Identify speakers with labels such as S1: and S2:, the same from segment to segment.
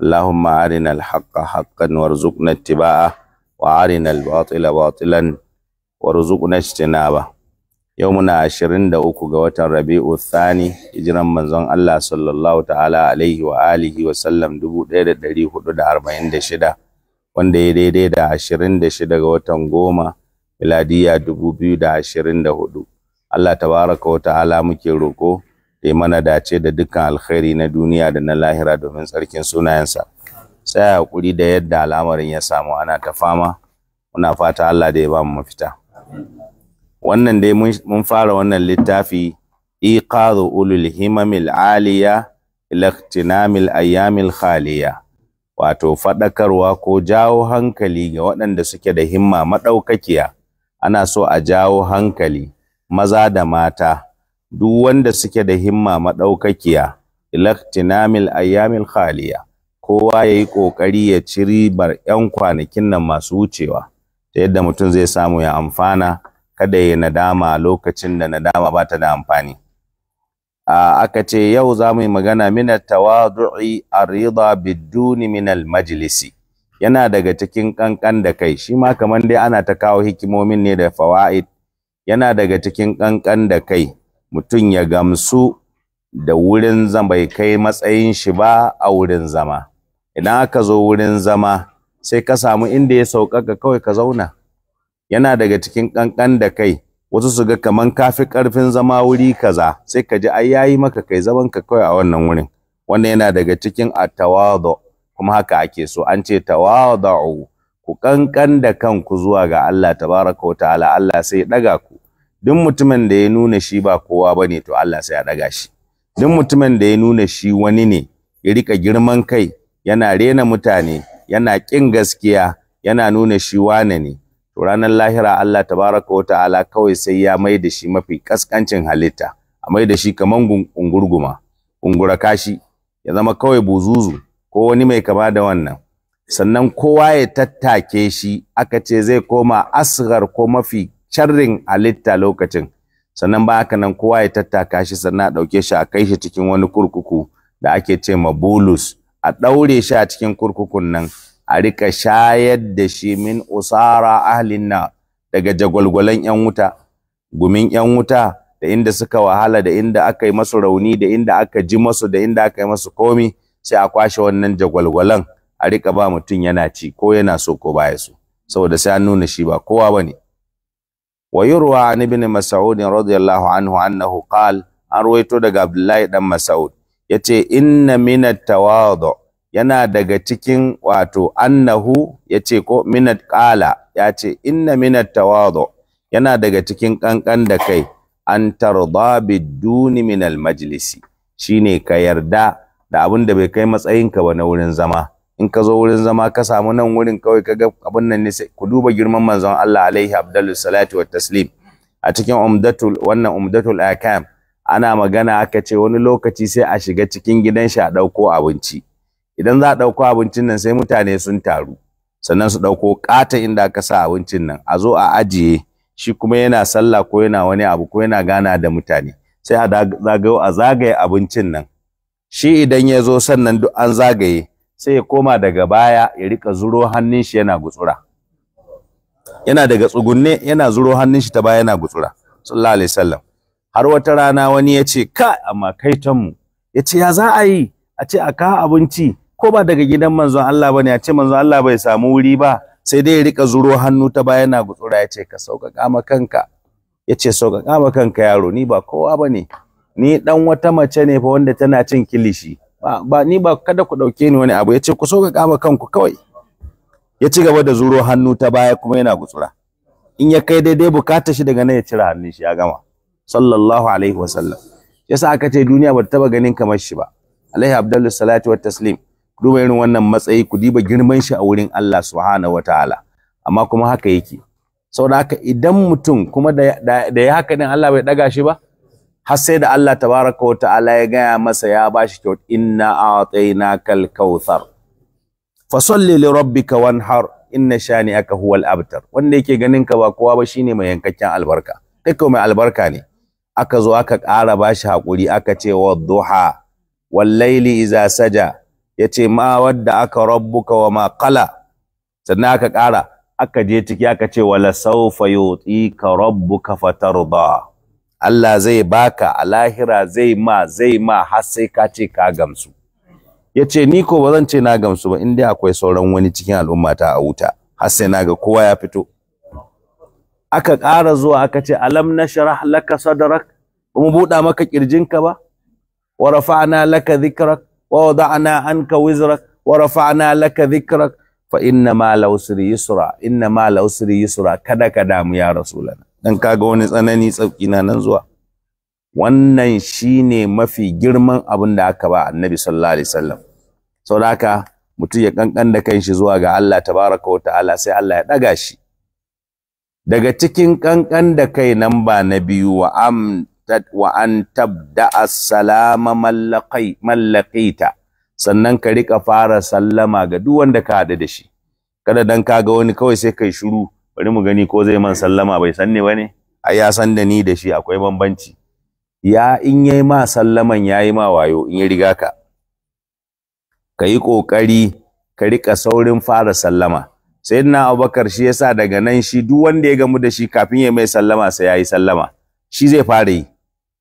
S1: اللهم أرنا الحق حقا وارزقنا اتباعه وأرنا الباطل باطلا وارزقنا اجتنابه يومنا عشرين دا أكو غواتن ربيع الثاني إجرام منزون الله صلى الله تعالى عليه وآله وسلم دبو دير دري حدود أربعين دا شدا wanda ya daidai da ashirin da shida ga watan goma miladiya dubu biyu da ashirin da hudu Allah tabaraka wa ta'ala muke da ya mana dace da dukkan alkhairi na duniya da na lahira domin tsarkin sunayensa sai hakuri da yadda al'amarin ya samu ana ta fama muna fata Allah da ya ba mu mafita wannan dai mun fara wannan littafi iqadu ulul himamil aliya ila ayyamil khaliya wato faɗakarwa ko jawo hankali ga waɗanda suke da himma maɗaukakiya ana so a jawo hankali maza da mata duk wanda suke da himma maɗaukakiya ilaktinamil ayyamil khaliya kowa ya yi ƙoƙari ya ci ribar yan kwanakin nan masu wucewa ta yadda mutum zai samu ya amfana kada ya nadama lokacin da nadama ba ta da amfani aka ce yau za mu yi magana mina tawadu'i arida biduni minal majlisi yana daga cikin kankan da kai shi ma kamar dai ana ta kawo hikimomin ne da fawaid yana daga cikin ƙanƙan da kai mutum ya gamsu da wurin zama bai kai matsayin shi ba a wurin zama idan aka zo wurin zama sai ka samu inda ya sauƙaƙa kawai ka zauna yana daga cikin ƙanƙan da kai wasu su ga kaman ka fi ƙarfin zama wuri kaza sai ka ji ai yayi maka kai zaman ka kawai a wannan wurin wannan yana daga cikin atawadu kuma haka ake so an ce tawadu ku ƙanƙan da kanku zuwa ga Allah tabaraka wa ta'ala Allah sai ya ɗaga ku duk mutumin da ya nuna shi ba kowa ba ne, to Allah sai ya daga shi duk mutumin da ya nuna shi wani ne ya rika girman kai yana rena mutane yana kin gaskiya yana nuna shi wane ne to ranar lahira Allah tabaraka wa ta'ala kawai sai ya mai da shi mafi kaskancin halitta a mai da shi kaman ungurguma ungura kashi ya zama kawai buzuzu ko wani mai kama da wannan sannan kowa ya tattake shi aka ce zai koma asgar ko mafi sharrin alitta lokacin sannan ba haka nan kowa ya tattaka shi sannan a ɗauke shi a kai shi cikin wani kurkuku da ake ce ma bulus a ɗaure shi a cikin kurkukun nan a rika shayar da shi min usara ahlin na daga jagwalgwalan yan wuta gumin yan wuta da inda suka wahala da inda aka yi masu rauni da inda aka ji masu da inda aka yi masu komi sai a kwashe wannan jagwalgwalan a rika ba mutum yana ci ko yana so ko baya so saboda sai an nuna shi ba kowa bane ويروى عن ابن مسعود رضي الله عنه أنه قال أرويت دق عبد الله بن مسعود يتي إن من التواضع yana daga cikin wato annahu yace kala" minat qala yace inna minat tawadu yana daga cikin kankan da kai an tarda biduni minal majlisi shine ka yarda da abin da bai kai matsayinka ba na wurin zama in ka zo wurin zama ka samu nan wurin kawai ka ga abin nan ne sai ku duba girman manzon Allah alaihi abdallu salatu wa taslim a cikin umdatul wannan umdatul akam ana magana aka ce wani lokaci sai a shiga cikin gidan shi a dauko abinci idan za a dauko abincin nan sai mutane sun taru sannan su dauko kata inda aka sa abincin nan a zo a ajiye shi kuma yana sallah ko yana wani abu ko yana gana da mutane sai a zagaye abincin nan shi idan ya zo sannan duk an zagaye sai ya koma daga baya ya rika zuro hannun shi yana gutsura yana daga tsugunne yana zuro hannun shi ta baya yana gutsura sallallahu alaihi wasallam har wata rana wani ya ce ka amma kaitan mu ya ce ya za a yi a ce a ka abinci ko ba daga gidan manzon Allah bane a ce manzon Allah bai samu wuri ba sai dai ya rika zuro hannu ta baya yana gutsura ya ce ka sauƙaƙa ma kanka ya ce sauƙaƙa ma kanka yaro ni ba kowa bane ni dan wata mace ne fa wanda tana cin kilishi ba ni ba kada ku dauke ni wani abu yace ku so ka kama kanku kawai ya ci gaba da zuro hannu ta baya kuma yana gutsura in ya kai daidai bukatar shi daga nan ya cira hannun shi ya gama sallallahu alaihi wasallam yasa aka ce duniya bata taba ganin kamar shi ba alaihi abdullu salatu wa taslim duba irin wannan matsayi ku diba girman shi a wurin Allah subhanahu wataala amma kuma haka yake saboda haka idan mutum kuma da ya haka din Allah bai daga shi ba har sai da Allah tabaraka wa ta'ala ya gaya masa ya bashi kyau inna kal kautsar salli li rabbika wanhar inna huwa huwal abtar wanda yake ganin ka ba kowa ba shine mai yankakken albarka kai kawai mai albarka ne aka zo aka ƙara bashi hakuri aka ce wa duha wal laili iza saja yace ma wadda aka rabbuka wa ma qala sannan aka ƙara aka je ciki aka ce wala sawfa ka rabbuka fatarda Allah zai baka a lahira zai ma zai ma har sai ka ce ka gamsu ya ce ni ko ba zan ce na gamsu ba in dai akwai sauran wani cikin al'ummata a wuta har sai na ga kowa ya fito aka ƙara zuwa aka ce alam nashrah laka sadrak ba mu buɗa maka ka ba wa rafa'na laka dhikrak wa wada'na anka wizrak wa rafa'na laka dhikrak fa inna ma usri yusra inna ma usri yusra kada ka damu ya rasulana dan kaga wani tsanani tsauki na nan zuwa wannan shine mafi girman abin da aka ba annabi sallallahu alaihi wasallam saboda haka mutum ya kankan da kanshi zuwa ga Allah tabaraka wa ta'ala sai Allah ya daga shi daga cikin kankan da kai nan ba na biyu wa am wa an tabda assalama mallaqai mallaqita sannan ka rika fara sallama ga duk wanda ka hada da shi kada dan kaga wani kawai sai kai shiru bari mu gani ko zai man sallama bai san ni ba ne a ya san da ni da shi akwai bambanci ya in yayi ma sallaman yayi ma wayo in ya riga ka ka yi ƙoƙari ka riƙa saurin fara sallama sayyidina abubakar shi yasa daga nan shi duk wanda ya gamu da shi kafin ya mai sallama sai yi sallama shi zai fara yi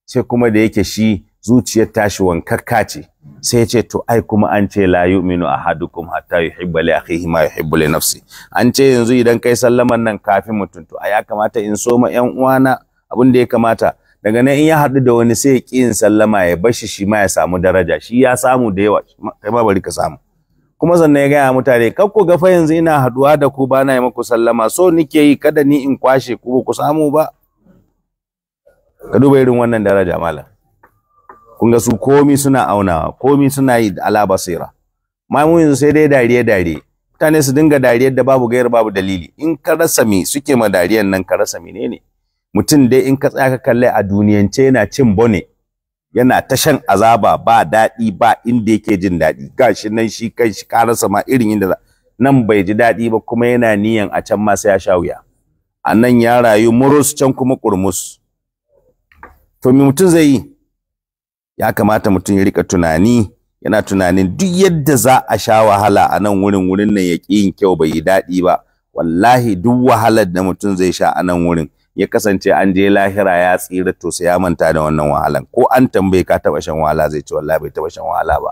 S1: sai kuma da yake shi zuciyar tashi wankakka ce sai ce to ai kuma an ce la yu'minu ahadukum hatta yuhibba li akhihi ma yuhibbu li nafsi an ce yanzu idan kai sallaman nan kafin mutum to ai ya kamata in so ma yan uwana abin da ya kamata daga nan in ya haɗu da wani sai ya ƙi in sallama ya bashi shi ma ya samu daraja shi ya samu da yawa kai ma bari ka samu kuma sannan ya gaya mutane kar ku ga fa yanzu ina haɗuwa da ku bana na yi muku sallama so nike yi kada ni in kwashe ku ba ku samu ba ka duba irin wannan daraja malam kun ga su komi suna aunawa komi suna yi ala basira mamu sai dai dariye dariye mutane su dinga dariyar da babu gayar babu dalili in ka rasa mi suke ma dariyar nan ka rasa menene mutum dai in ka tsaya ka kalle a duniyance yana cin bone yana ta shan azaba ba daɗi ba inda yake jin daɗi gashi nan shi kai shi rasa ma irin inda nan bai ji daɗi ba kuma yana niyan a can ma sai ya sha wuya a nan ya rayu murus can kuma kurmus to me mutum zai yi ya kamata mutum ya rika tunani yana tunanin duk yadda za a sha wahala a nan wurin wurin nan ya ƙi yin kyau bai yi daɗi ba wallahi duk wahalar da mutum zai sha a nan wurin ya kasance an je lahira ya tsira to sai ya manta da wannan wahalan ko an tambaye ka taɓa shan wahala zai ce wallahi bai taɓa shan wahala ba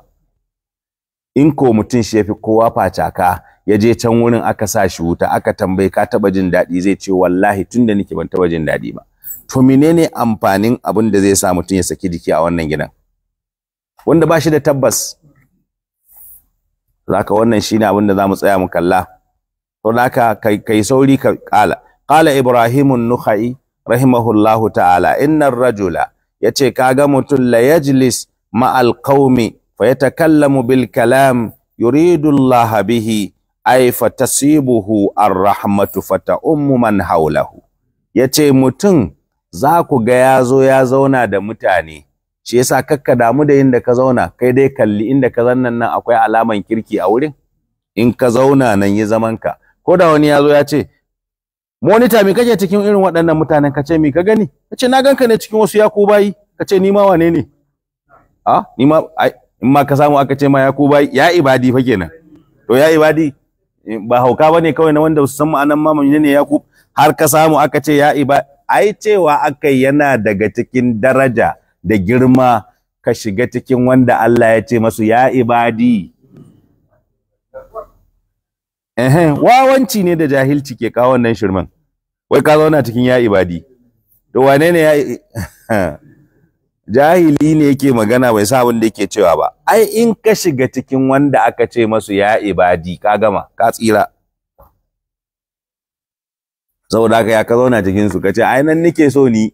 S1: in ko mutum shi yafi kowa facaka ya je can wurin aka sa shi wuta aka tambaye ka taɓa jin daɗi zai ce wallahi tun da nake ban taɓa jin daɗi ba to menene amfanin abin da zai sa mutum ya saki jiki a wannan gidan wanda ba shi da tabbas zaka wannan shine abin da mu tsaya mu kalla to ka kai sauri ka kala qala ibrahimun nukhai rahimahullahu ta'ala innar rajula yace kaga mutum la yajlis ma'al qaumi fa yatakallamu bil kalam yuridu Allah bihi ay arrahmatu, ar-rahmatu haulahu. man hawlahu yace mutum za ku ga yazo ya zauna da mutane shi yasa kakka damu da inda ka zauna kai dai kalli inda ka zannan nan akwai alaman kirki a wurin in ka zauna nan yi zaman ka ko da wani ya zo ya ce monitor me kake cikin irin waɗannan mutanen ka ce me ka gani ka ce na ganka ne cikin wasu yaku bayi ka ce ni ma wane ne a ni ma in ma ka samu aka ce ma yaku bayi ya ibadi fa kenan to ya ibadi ba hauka bane kawai na wanda su san ma'anan ma ne yaku har ka samu aka ce ya ibadi ai cewa aka yana daga cikin daraja da girma ka shiga cikin wanda Allah ya ce masu ya ibadi wawanci ne da jahilci ke kawo wannan shirman wai ka zauna cikin ya ibadi to wane ne ya jahili ne yake magana bai sa wanda yake cewa ba ai in ka shiga cikin wanda aka ce masu ya ibadi ka gama ka tsira saboda haka ya ka zauna cikinsu, ka ce ai nan nike so ni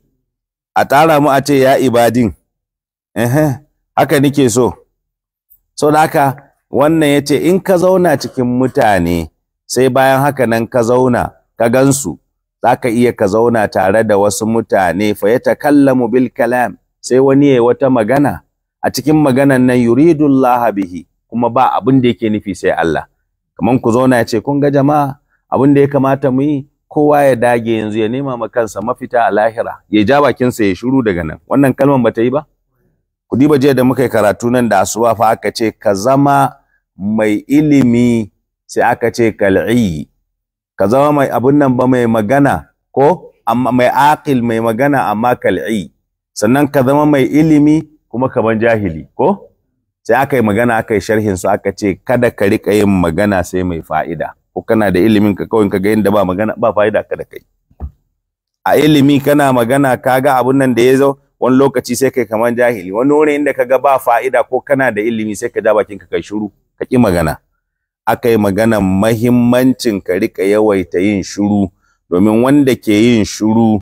S1: a tara mu a ce ya ibadin ehe haka nike so so da haka wannan ya ce in ka zauna cikin mutane sai bayan haka nan ka zauna ka gansu za ka iya ka zauna tare da wasu mutane fa ya takallamu bil kalam sai wani ya wata magana a cikin maganan nan yuridullah bihi kuma ba abin da yake nufi sai Allah kaman ku zauna ya ce kun ga jama'a abin da ya kamata mu yi kowa ya dage yanzu ya nema ma kansa mafita a lahira ya ja bakinsa ya shiru daga nan wannan kalman ta yi ba ku diba jiya da muka yi karatu nan da asuba fa aka ce ka zama mai ilimi sai aka ce kal'i ka zama mai abun nan ba mai magana ko amma mai aqil mai magana amma kal'i sannan ka zama mai ilimi kuma ka ban jahili ko sai aka yi magana aka yi sharhin su aka ce kada ka riƙa yin magana sai mai fa'ida ko kana da ilimin ka kawai ka ga yadda ba magana ba fa'ida ka da kai a ilimi kana magana ka ga abun nan da ya zo wani lokaci sai kai kamar jahili wani wuri inda ga ba fa'ida ko kana da ilimi sai ka ja bakin ka kai shiru ka ki magana Aka yi magana mahimmancin ka rika yawaita yin shiru domin wanda ke yin shiru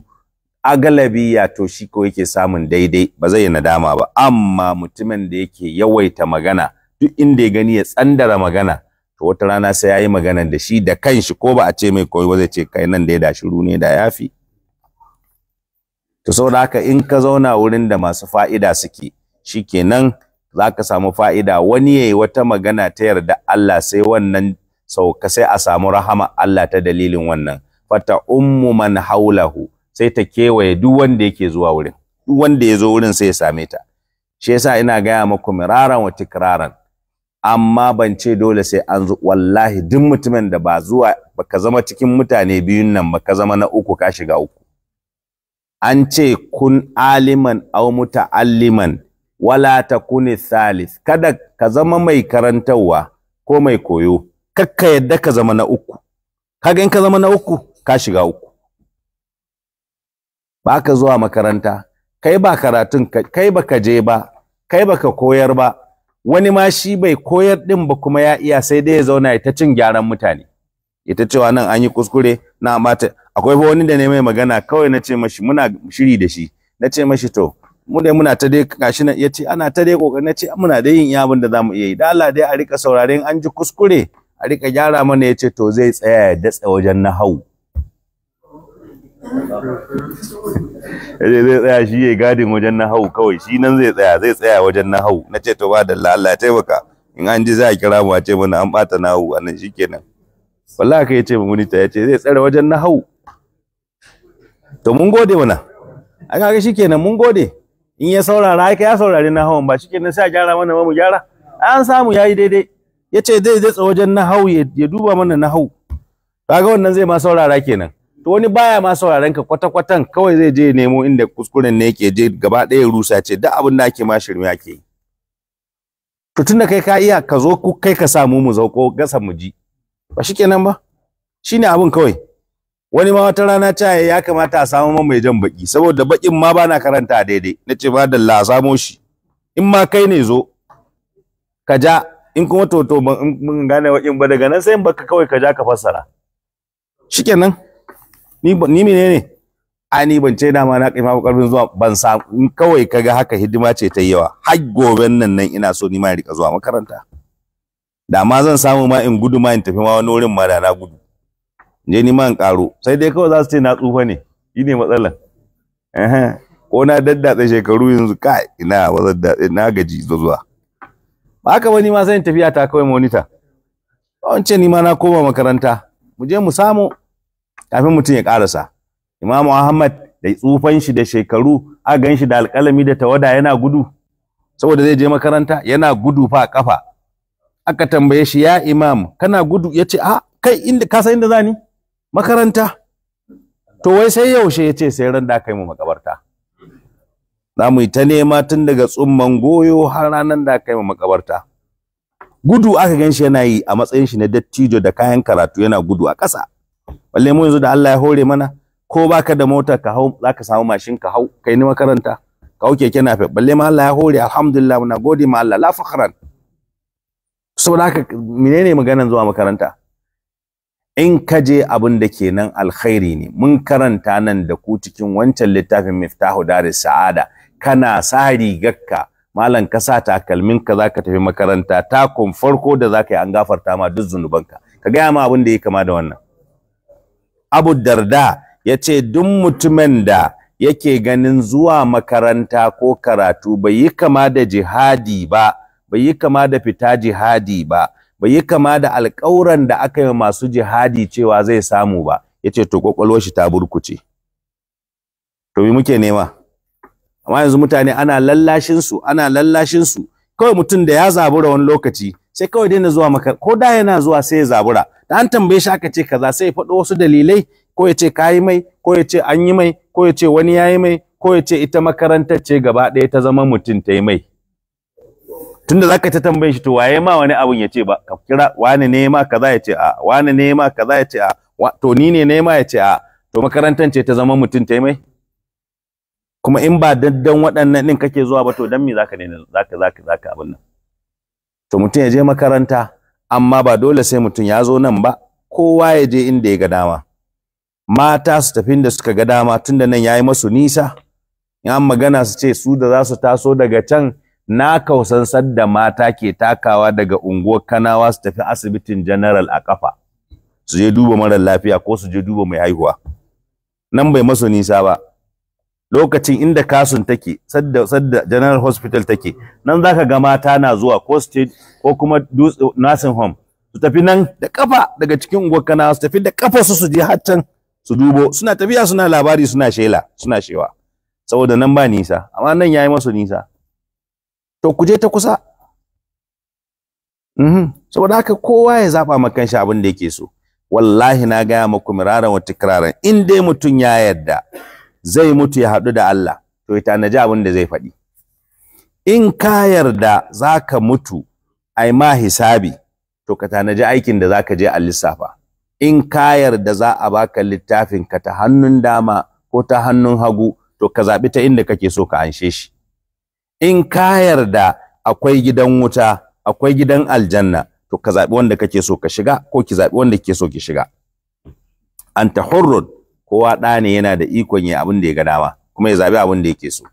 S1: ya to shi ko yake samun daidai ba zai yi nadama ba amma mutumin da yake yawaita magana duk inda ya gani ya tsandara magana wata rana sai ya yi magana da shi da kanshi ko ba a ce mai koyi ba zai ce kai nan da ya da shiru ne da yafi to saboda haka in ka zauna wurin da masu fa'ida suke shikenan za ka samu fa'ida wani yayi wata magana ta yarda Allah sai wannan sauka sai a samu rahama Allah ta dalilin wannan fata ummu man haulahu sai ta kewaye duk wanda yake zuwa wurin duk wanda ya zo wurin sai ya same ta shi yasa ina gaya muku miraran wa tikraran amma ban ce dole sai an zo wallahi duk mutumin da ba zuwa baka zama cikin mutane biyun nan baka zama na uku ka shiga uku an ce kun aliman aw muta'alliman wala takuni Salis? kada ka zama mai karantarwa ko mai koyo kakka yadda ka zama na uku kaga in ka zama na uku ka shiga uku ba ka zuwa makaranta kai ba karatun kai baka je ba kai baka koyar ba wani ma shi bai koyar din ba kuma ya iya sai dai ya zauna ya ta cin gyaran mutane ita cewa nan an yi kuskure na mata akwai fa wani da ne mai magana kawai na ce mashi muna shiri da shi na ce mashi to mu dai muna ta dai gashi nan ya ce ana ta dai kokari na ce muna dai yin abin da zamu iya yi da Allah dai a rika sauraren an ji kuskure a rika gyara mana ya ce to zai tsaya ya datsa wajen hau. yaje zai tsaya shi ya gadin wajen na hau kawai shi nan zai tsaya zai tsaya wajen na hau na ce to ba da Allah ya taimaka in an ji za a kira mu a ce mana an bata na hau anan shikenan wallahi kai yace mu ta yace zai tsare wajen na hau to mun gode mana an ga shikenan mun gode in ya saurara kai ya saurare na hawan ba shikenan sai a gyara mana mu gyara an samu yayi daidai yace zai zai tsare wajen na hau ya duba mana na hau kaga wannan zai ma saurara kenan to wani baya ma sauraron ka kwata-kwatan kawai zai je nemo inda kuskuren ne yake je gaba ɗaya rusa ce duk abin da ake ma shirme ake yi to tunda kai ka iya ka zo ku kai ka samu mu zauko gasa mu ji ba shikenan ba shine abin kawai wani ma wata rana ta ya kamata a samu mai jan baki saboda bakin ma bana karanta daidai ce ba da la samo shi in ma kai ne zo ka ja in kuma to to ban gane wakin ba daga nan sai in baka kawai ka ja ka fassara shikenan ni ni ne? a ni ban ce dama na kaifa karfin zuwa ban sa kawai kaga haka hidima ce ta yawa har goben nan nan ina so ni ma rika zuwa makaranta da ma zan samu ma in gudu ma in tafi ma wani wurin ma da na gudu je ni ma in karo sai dai kawai za su ce na tsufa ne shine matsalar eh ko na daddatsa shekaru yanzu kai ina wazar da na gaji zuwa ba haka ba ni ma sai in tafiya ta kawai monita ba wance ni ma na koma makaranta mu je mu samu kafin mutum ya karasa imamu ahmad da tsufan shi da shekaru a gan shi da alƙalami da tawada yana gudu saboda zai je makaranta yana gudu fa kafa aka tambaye shi ya imam kana gudu ya ce a kai inda ka san inda zani makaranta to wai sai yaushe ya ce sai ran da kai mu makabarta za mu yi ta nema tun daga tsumman goyo har ranar da kai mu makabarta gudu aka gan shi yana yi a matsayin shi na dattijo da kayan karatu yana gudu a ƙasa balle mu yanzu da Allah ya hore mana ko baka da mota ka hau zaka samu mashin ka hau kai ni makaranta ka hau keke nafe balle ma Allah ya hore alhamdulillah muna gode ma Allah la fakhran saboda haka menene maganan zuwa makaranta in ka je abin da ke nan alkhairi ne mun karanta nan da ku cikin wancan littafin miftahu daris sa'ada kana sa rigarka malam ka sa takalmin ka zaka tafi makaranta takun farko da zaka yi an gafarta ma duk zunubanka ka gaya ma abin da ya kama da wannan abu darda ya ce duk mutumin da yake ganin zuwa makaranta ko karatu bai yi kama da jihadi ba bai yi kama da fita jihadi ba bai yi kama da alƙawuran da aka yi masu jihadi cewa zai samu ba ya ce to ƙwaƙwalwar shi ta burkuce to me muke nema amma yanzu mutane ana lallashinsu ana lallashinsu kawai mutum da ya zabura wani lokaci sai kawai daina zuwa maka ko da yana zuwa sai ya zabura da an tambaye shi aka ce kaza sai ya faɗo wasu dalilai ko ya ce kayi mai ko ya ce an yi mai ko ya ce wani yayi mai ko ya ce ita makarantar ce gaba ɗaya ta zama mutum ta yi mai tunda zaka ta tambaye shi to waye ma wani abun ya ce ba ka kira wani ne ma kaza ya ce a wani ne ma kaza ya ce a to ni ne ne ma ya ce a to makarantar ce ta zama mutum ta yi mai kuma in ba daddan waɗannan ɗin kake zuwa ba to dan me zaka ne zaka zaka zaka abin nan to mutum ya je makaranta amma ba dole sai mutum ya zo nan ba kowa ya je inda ya ga dama mata su tafi inda suka ga dama Tun da nan ya yi masu nisa ya magana su ce su da za su taso daga can na kausansar da mata ke takawa daga unguwar kanawa su tafi asibitin general a kafa su je duba mara lafiya ko su je duba mai haihuwa nan bai masu nisa ba lokacin inda kasun take sadda sadda general hospital take nan zaka ga mata na zuwa ko state ko kuma nursing home su tafi nan da kafa daga cikin unguwar kana su tafi da kafa su su je har can su dubo suna tafiya suna labari suna shela suna shewa saboda nan ba nisa amma nan yayi masu nisa to ku je ta kusa mhm saboda haka kowa ya zaba kan shi abin da yake so wallahi na gaya muku miraran wa tikraran in dai mutum ya yarda zai mutu ya haɗu da Allah to ya tanaji abin da zai faɗi in ka yarda za ka mutu ai ma hisabi to ka tanaji aikin da za ka je a lissafa in ka yarda za a baka littafin ka ta hannun dama ko ta hannun hagu to ka zaɓi ta inda kake so ka anshe shi in ka yarda akwai gidan wuta akwai gidan aljanna to ka zaɓi wanda kake so ka shiga ko ki zaɓi wanda kake so ki shiga anta hurrun kowa ɗa ne yana da ikon ya abin da ya ga dama kuma ya zabi abin da yake so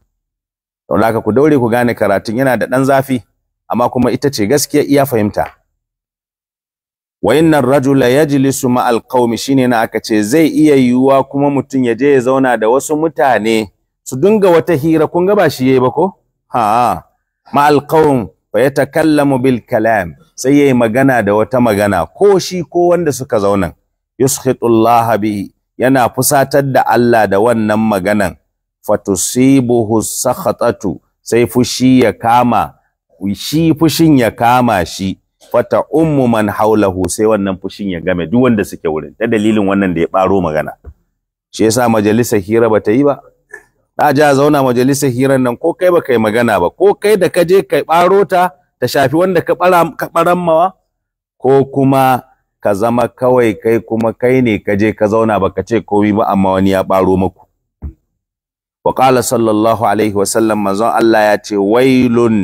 S1: don haka ku daure ku gane karatun yana da ɗan zafi amma kuma ita ce gaskiya iya fahimta wa innar rajula yajlisu ma'al qaumi shine na aka ce zai iya yiwuwa kuma mutum ya je ya zauna da wasu mutane su dinga wata hira kun ga ba shi yayi ba ko ha ma'al qaum fa yatakallamu bil kalam sai yayi magana da wata magana ko shi ko wanda suka zauna yuskhitu Allah bihi yana fusatar da Allah da wannan maganan fatusibuhu sakhatatu sai fushi ya kama shi fushin ya kama shi fata ummu man haulahu sai wannan fushin ya game duk wanda suke wurin ta dalilin wannan da ya baro magana shi yasa majalisar hira ta yi ba da ja zauna majalisar hiran nan ko kai ba kai magana ba ko kai da ka je kai baro ta ta shafi wanda ka bara ka ko kuma ka zama kawai kai kuma kai ne ka je ka zauna baka ce komai ba amma wani ya baro muku wa qala sallallahu alaihi wa sallam manzo Allah ya ce wailun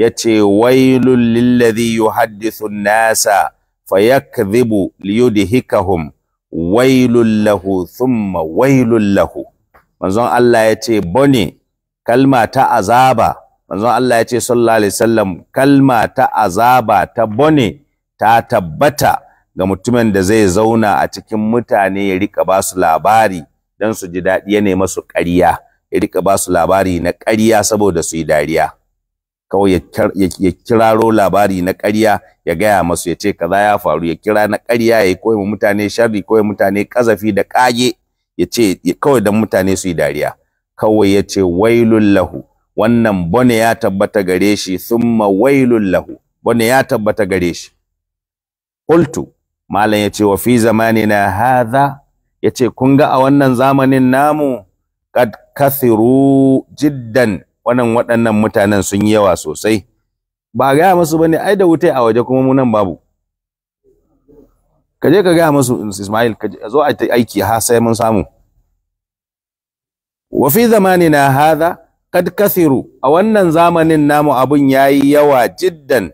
S1: ya ce wailun lilladhi yuhaddithu an-nasa fayakdhibu liyudhikahum wailun lahu thumma wailun lahu manzo Allah ya ce bone kalma ta azaba manzo Allah ya ce sallallahu alaihi wasallam kalma ta azaba ta bone ta tabbata ga mutumin da zai zauna a cikin mutane ya rika ba su labari don su ji daɗi ya nema su ƙarya ya rika ba su labari na ƙarya saboda su yi dariya kawai ya kiraro labari na ƙarya ya gaya masu ya ce kaza ya faru ya kira na ƙarya ya koyi mutane sharri koyi mutane kazafi da ƙage ya ce kawai don mutane su yi dariya kawai ya ce wailun lahu wannan bone ya tabbata gare shi thumma wailun lahu bone ya tabbata gare shi malam ya ce wa fi na haza ya ce kun ga a wannan zamanin namu kad kathiru jiddan wannan waɗannan mutanen sun yi yawa sosai ba gaya musu bane ai da wuta a waje kuma mu nan babu Kaje ka gaya musu Ismail ka zo a aiki ha sai mun samu wa fi zamanina hadha kad kathiru a wannan zamanin namu abun yayi yawa jiddan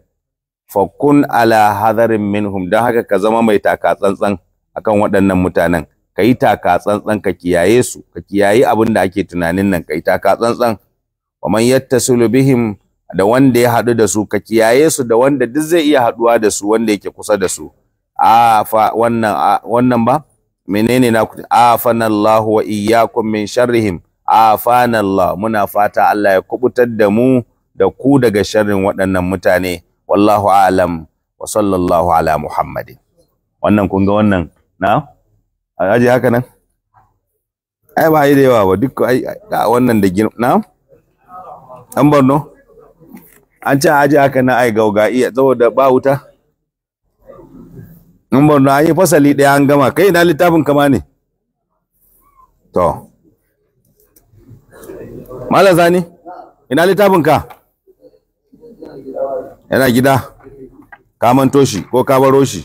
S1: fakun ala hadarin minhum don haka ka zama mai taka tsantsan akan waɗannan mutanen ka yi taka tsantsan ka kiyaye su ka kiyaye abin da ake tunanin nan ka yi taka tsantsan wa man yattasilu bihim da wanda ya haɗu da su ka kiyaye su da wanda duk zai iya haɗuwa da su wanda yake kusa da su a fa wannan wannan ba menene na fa nallahu wa iyyakum min sharrihim fa muna fata Allah ya kubutar da mu da ku daga sharrin waɗannan mutane wallahu alam wa sallallahu ala muhammadin wannan kun ga wannan na aje haka nan ai ba yi da yawa ba duk ai ga wannan da gina na an barno an ce aje haka nan ai gauga iya saboda ba wuta An barno an yi fasali ɗaya an gama kai na littafin kama ne to malam zani ina littafin ka yana gida ka manto shi ko ka baro shi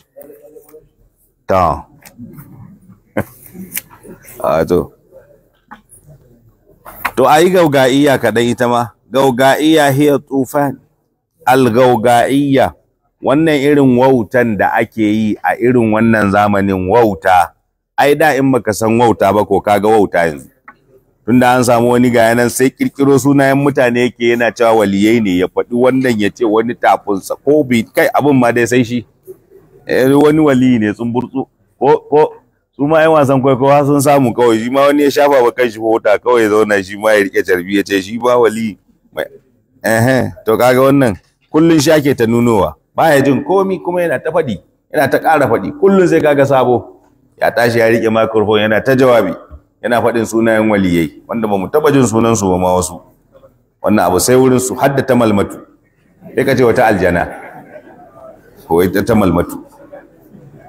S1: ta a ah, to to ayi gaugaiya kadan ita ma gaugaiya hiya tufan gaugaiya wannan irin wautan da ake yi a irin wannan zamanin wauta ai da in baka san wauta ba ko kaga wauta yanzu tunda an samu wani ga yanan sai kirkiro sunayen mutane yake yana cewa waliyai ne ya faɗi wannan ya ce wani tafinsa ko bi kai abin ma dai sai shi eh, wani wali ne tsumburtsu ko ko su ma 'yan wasan kwaikwayo sun samu kawai shi ma wani ya shafa ba kan shi hota kawai zauna shi ma ya rike carbi ya ce shi ba wali eh to kaga wannan kullun shi ake ta nunowa baya jin komi kuma yana ta faɗi yana ta ƙara faɗi kullun sai kaga sabo ya tashi ya rike microphone yana ta jawabi yana faɗin sunayen waliyai wanda ba mu taɓa jin sunan su ba ma wasu wannan abu sai wurin su hadda ta malmatu sai ka ce wata aljana ko ita ta malmatu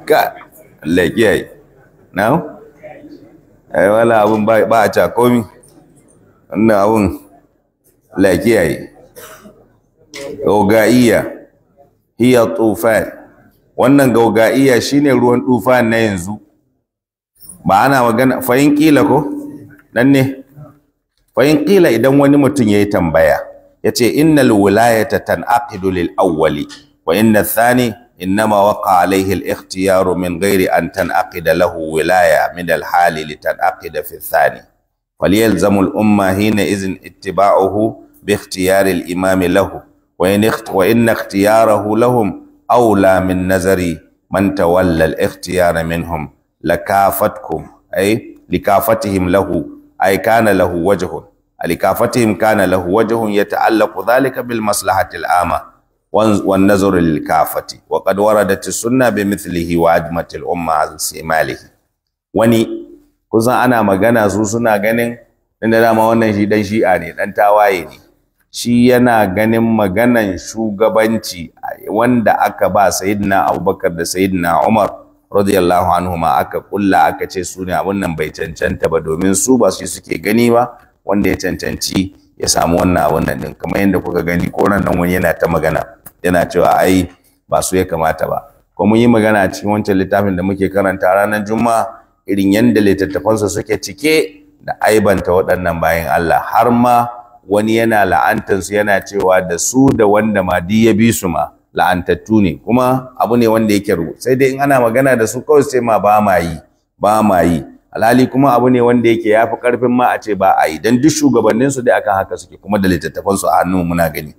S1: ka Allah kiyaye na ai wala abun ba a ta komi wannan abun Allah kiyaye gogaiya hiya tufan wannan gogaiya shine ruwan tufan na yanzu ba ana magana fahim ƙila ko nan idan wani mutum ya yi tambaya ya ce Innal lulayata tan aqidu lil awwali wa inna thani innama waqa alayhi al min ghairi an tan aqida lahu wilaya min al-hali li tan aqida fi thani falyalzamu umma hina izin ittiba'uhu bi ikhtiyari al-imam lahu wa in wa inna lahum aula min nazari man tawalla al-ikhtiyara minhum lakafatkum ay likafatihim lahu ay kana lahu wajhun alikafatihim kana lahu wajhun yata'allaqu dhalika bil maslahati ama wan nazar lil kafati wa qad waradat sunna bi mithlihi wa ajmat al umma al simalihi wani kusan ana magana su suna ganin inda dama wannan shi dan shi'a ne dan tawaye ne shi yana ganin maganan shugabanci wanda aka ba sayyidina Abubakar da sayyidina Umar radiyallahu anhu ma aka kulla aka ce su ne abun nan bai cancanta ba domin su ba su suke gani ba wanda ya cancanci ya samu wannan abun nan din kamar yadda kuka gani ko nan wani yana ta magana yana cewa ai ba su ya kamata ba Kuma mun yi magana a cikin wancan littafin da muke karanta ranar juma'a irin yadda littattafansa suke cike da aibanta waɗannan bayan Allah har ma wani yana la'antansu yana cewa da su da wanda ma ya bi su ma la'antattu ne kuma abu ne wanda yake rubu sai dai in ana magana da su kawai sai ma ba ma yi ba ma yi alhali kuma abu ne wanda yake ya fi karfin ma a ce ba a yi don duk shugabannin su dai akan haka suke kuma da littattafan su a hannun muna gani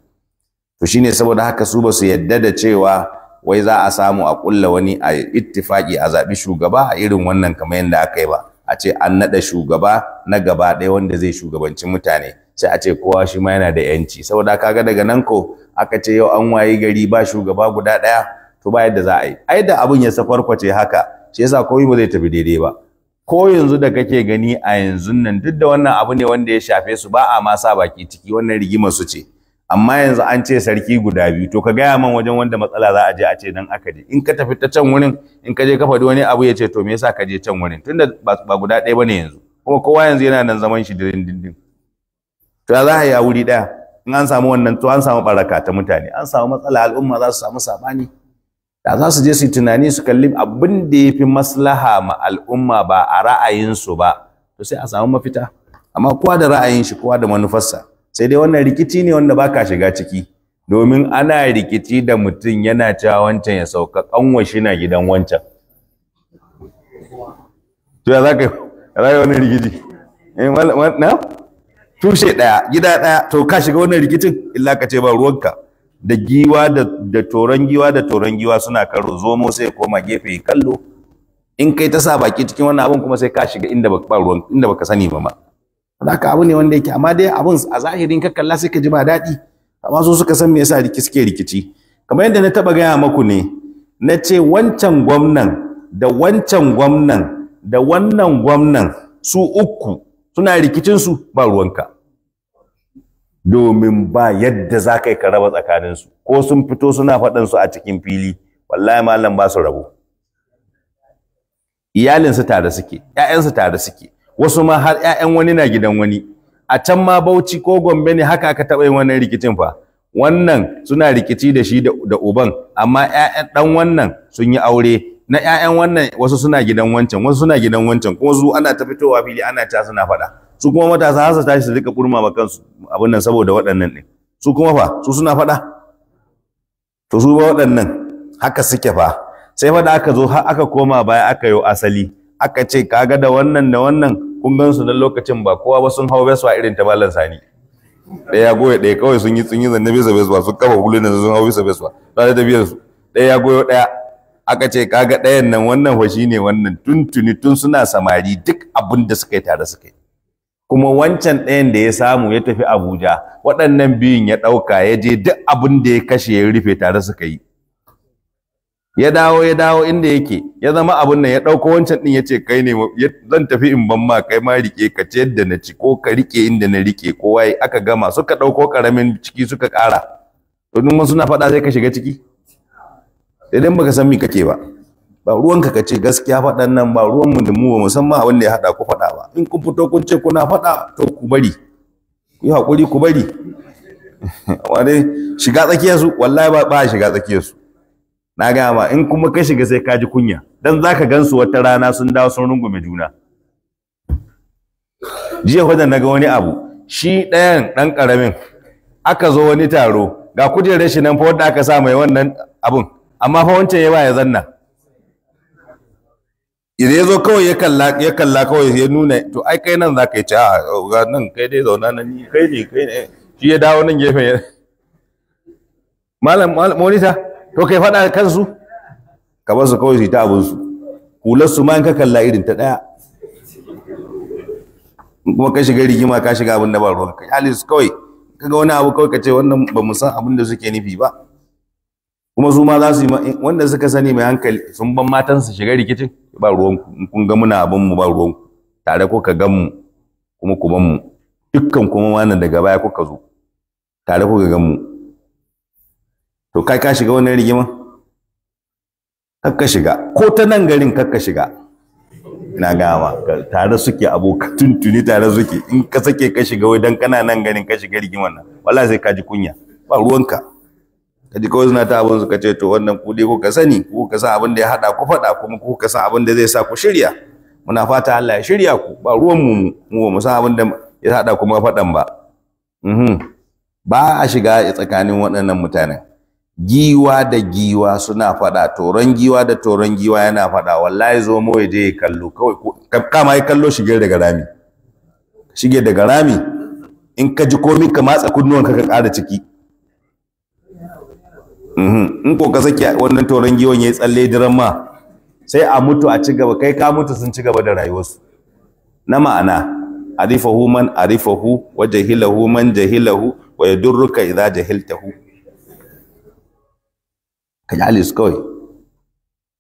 S1: to shine saboda haka su ba su yadda da cewa wai za a samu a kulla wani a ittifaki a zaɓi shugaba a irin wannan kamar yadda aka yi ba a ce an naɗa shugaba na gaba ɗaya wanda zai shugabanci mutane sai a ce kowa shi ma yana da yanci saboda kaga daga nan ko aka ce yau an wayi gari ba shugaba guda daya to ba yadda za a yi ai da abin ya kwace haka shi yasa komai ba zai tafi daidai ba ko yanzu da kake gani a yanzu nan duk da wannan abu ne wanda ya shafe su ba a ma sa baki ciki wannan rigima su ce amma yanzu an ce sarki guda biyu to ka gaya man wajen wanda matsala za a je a ce nan aka je in ka tafi ta can wurin in ka je ka faɗi wani abu ya ce to me yasa ka je can wurin tunda ba guda ɗaya bane yanzu kuma kowa yanzu yana nan zaman shi dindindin to ya za a yi wuri ɗaya. in an samu wannan to an samu baraka ta mutane an samu matsala al'umma za su samu sabani da za su je su yi tunani su kalli abin da ya fi maslaha ma al'umma ba a ra'ayinsu ba to sai a samu mafita amma kowa da ra'ayin shi kowa da manufarsa sai dai wannan rikici ne wanda baka shiga ciki domin ana rikici da mutum yana cewa wancan ya sauka kanwa shi na gidan wancan to ya za ka yi wani rikici eh, tushe ɗaya gida ɗaya to ka shiga wannan rikicin illa ka ce ba ruwanka da giwa da toron giwa da toron giwa suna karo zomo sai koma gefe kallo in kai ta sa baki cikin wannan abun kuma sai ka shiga inda ba ruwan inda baka sani ba ma haka abu ne wanda yake amma dai abun a zahirin ka kalla sai ka ji ba daɗi amma su suka san me yasa riki suke rikici kamar yadda na taba gaya maku ne na ce wancan gwamnan da wancan gwamnan da wannan gwamnan su uku suna rikicin su ba ruwanka domin ba yadda za ka yi ka raba tsakaninsu ko sun fito suna faɗansu a cikin fili wallahi malam ba su rabo iyalinsu tare suke ‘ya'yansu tare suke wasu ma har ‘ya'yan wani na gidan wani a can ma bauchi ko gombe ne haka aka taɓa yin wannan rikicin fa wannan suna rikici da shi da uban amma ‘ya'yan ɗan wannan sun yi aure na ‘ya'yan wannan wasu suna gidan wancan wasu suna gidan wancan kuma su ana ta fitowa fili ana ta suna faɗa su kuma matasa hasa su tashi su rika kurma ba kansu abin nan saboda waɗannan ne su kuma fa su suna faɗa to su ba waɗannan haka suke fa sai fa da aka zo har aka koma baya aka yi asali aka ce kaga da wannan da wannan kun gan su nan lokacin ba kowa ba sun hau a irin ta malam sani ɗaya goya ɗaya kawai sun yi sun yi zanne bisa beswa sun kafa hulunan sun hau bisa beswa tare da biyar su ɗaya goye ɗaya aka ce kaga ɗayan nan wannan fa shine wannan tuntuni tun suna samari duk abin da suka yi tare suka yi kuma wancan ɗayan da ya samu ya tafi Abuja waɗannan biyun ya ɗauka ya je duk abin da ya kashe ya rufe tare suka yi ya dawo ya dawo inda yake ya zama abin nan ya ɗauko wancan ɗin ya ce kai ne zan tafi in ban ma kai ma rike ka ce yadda na ci ko ka rike inda na rike kowa aka gama suka ɗauko ƙaramin ciki suka ƙara domin wasu na faɗa sai ka shiga ciki idan baka san me kake ba ba ruwanka ka ce gaskiya faɗan nan ba ruwanmu da mu ba musamman abin da ya haɗa ku faɗa ba in kun fito kun ce kuna faɗa to ku bari ku yi haƙuri ku bari amma dai shiga tsakiyarsu wallahi ba ba shiga tsakiyarsu na gaya ma in kuma ka shiga sai ka ji kunya dan za ka gansu wata rana sun dawo sun rungume juna jiya wajen na ga wani abu shi ɗayan ɗan ƙaramin aka zo wani taro ga kujerar shi nan fa wanda aka sa mai wannan abun amma fa wancan ya ba ya zanna idan ya zo kawai ya kalla ya kalla kawai ya nuna to ai kai nan zaka yi ci a ah, ga nan kai dai zauna nan ni kai ne kai ne shi ya dawo nan gefen malam malam monita to kai fada kansu ka bar su kawai su ta abun su hular su ma in ka kalla irin ta daya kuma ka shiga rigima ka shiga abin da ba ruwa kai halis kawai kaga wani abu kawai ka ce wannan ba mu san abin da suke nufi ba kuma su ma za su yi wanda suka sani mai hankali sun ban matan su shiga rikicin ba ruwanku in kun ga muna abin mu ba ruwanku tare ko ka gan mu kuma ku ban mu dukkan kuma wannan daga baya kuka zo tare ko ka gan mu to kai ka shiga wannan rigima kakka shiga ko ta nan garin kakka shiga ina gama tare suke abokan tuntuni tare suke in ka sake ka shiga wai dan kana nan garin ka shiga rigiman nan wallahi sai ka ji kunya ba ruwanka ka ji kawai suna ta abin su ka ce to wannan ku dai kuka sani Ko kuka san abin da ya haɗa ku faɗa kuma ko kuka san abin da zai sa ku shirya muna fata Allah ya shirya ku ba ruwan mu mu mu san abin da ya haɗa kuma faɗan ba mhm. ba a shiga tsakanin waɗannan mutanen giwa da giwa suna faɗa toron giwa da toron giwa yana faɗa wallahi zo mu ya je ya kallo kawai kama ya kallo shige daga rami shige daga rami in ka ji komai ka matsa kunnuwanka ka ƙara ciki Mhm. in ko ka wannan toron giwon ya yi tsalle diran ma sai a mutu a ci gaba kai ka mutu sun ci gaba da rayuwarsu na ma'ana arifahu man arifahu wa jahilahu man jahilahu wa yadurruka idza jahiltahu ka yi alis kawai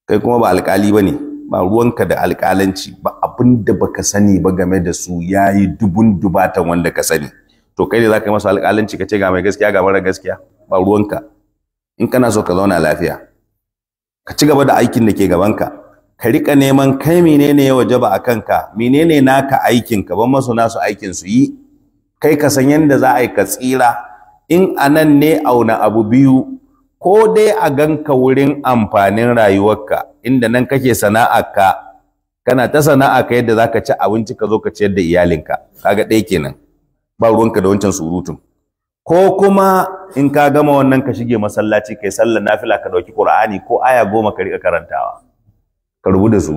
S1: kai kuma ba alkali ba ne ba ruwanka da alkalanci ba abin da baka sani ba game da su ya yi dubun dubatan wanda ka sani to kai ne za ka yi masa alkalanci ka ce ga mai gaskiya ga mara gaskiya ba ruwanka in kana so ka zauna lafiya ka ci gaba da aikin da ke gabanka ka riƙa neman kai menene ya wajaba a kanka menene naka aikin ka ban masu nasu aikin su yi kai ka san yadda za a yi ka tsira in anan ne auna abu biyu ko dai a ganka wurin amfanin rayuwarka inda nan kake sana'arka kana ta sana'a ka yadda za ka ci abinci ka zo ka ciyar da iyalinka kaga ɗaya kenan ba ruwanka da wancan surutun ko kuma in ka gama wannan ka shige masallaci kai sallar nafila ka dauki qur'ani ko aya goma ka rika karantawa ka rubuta su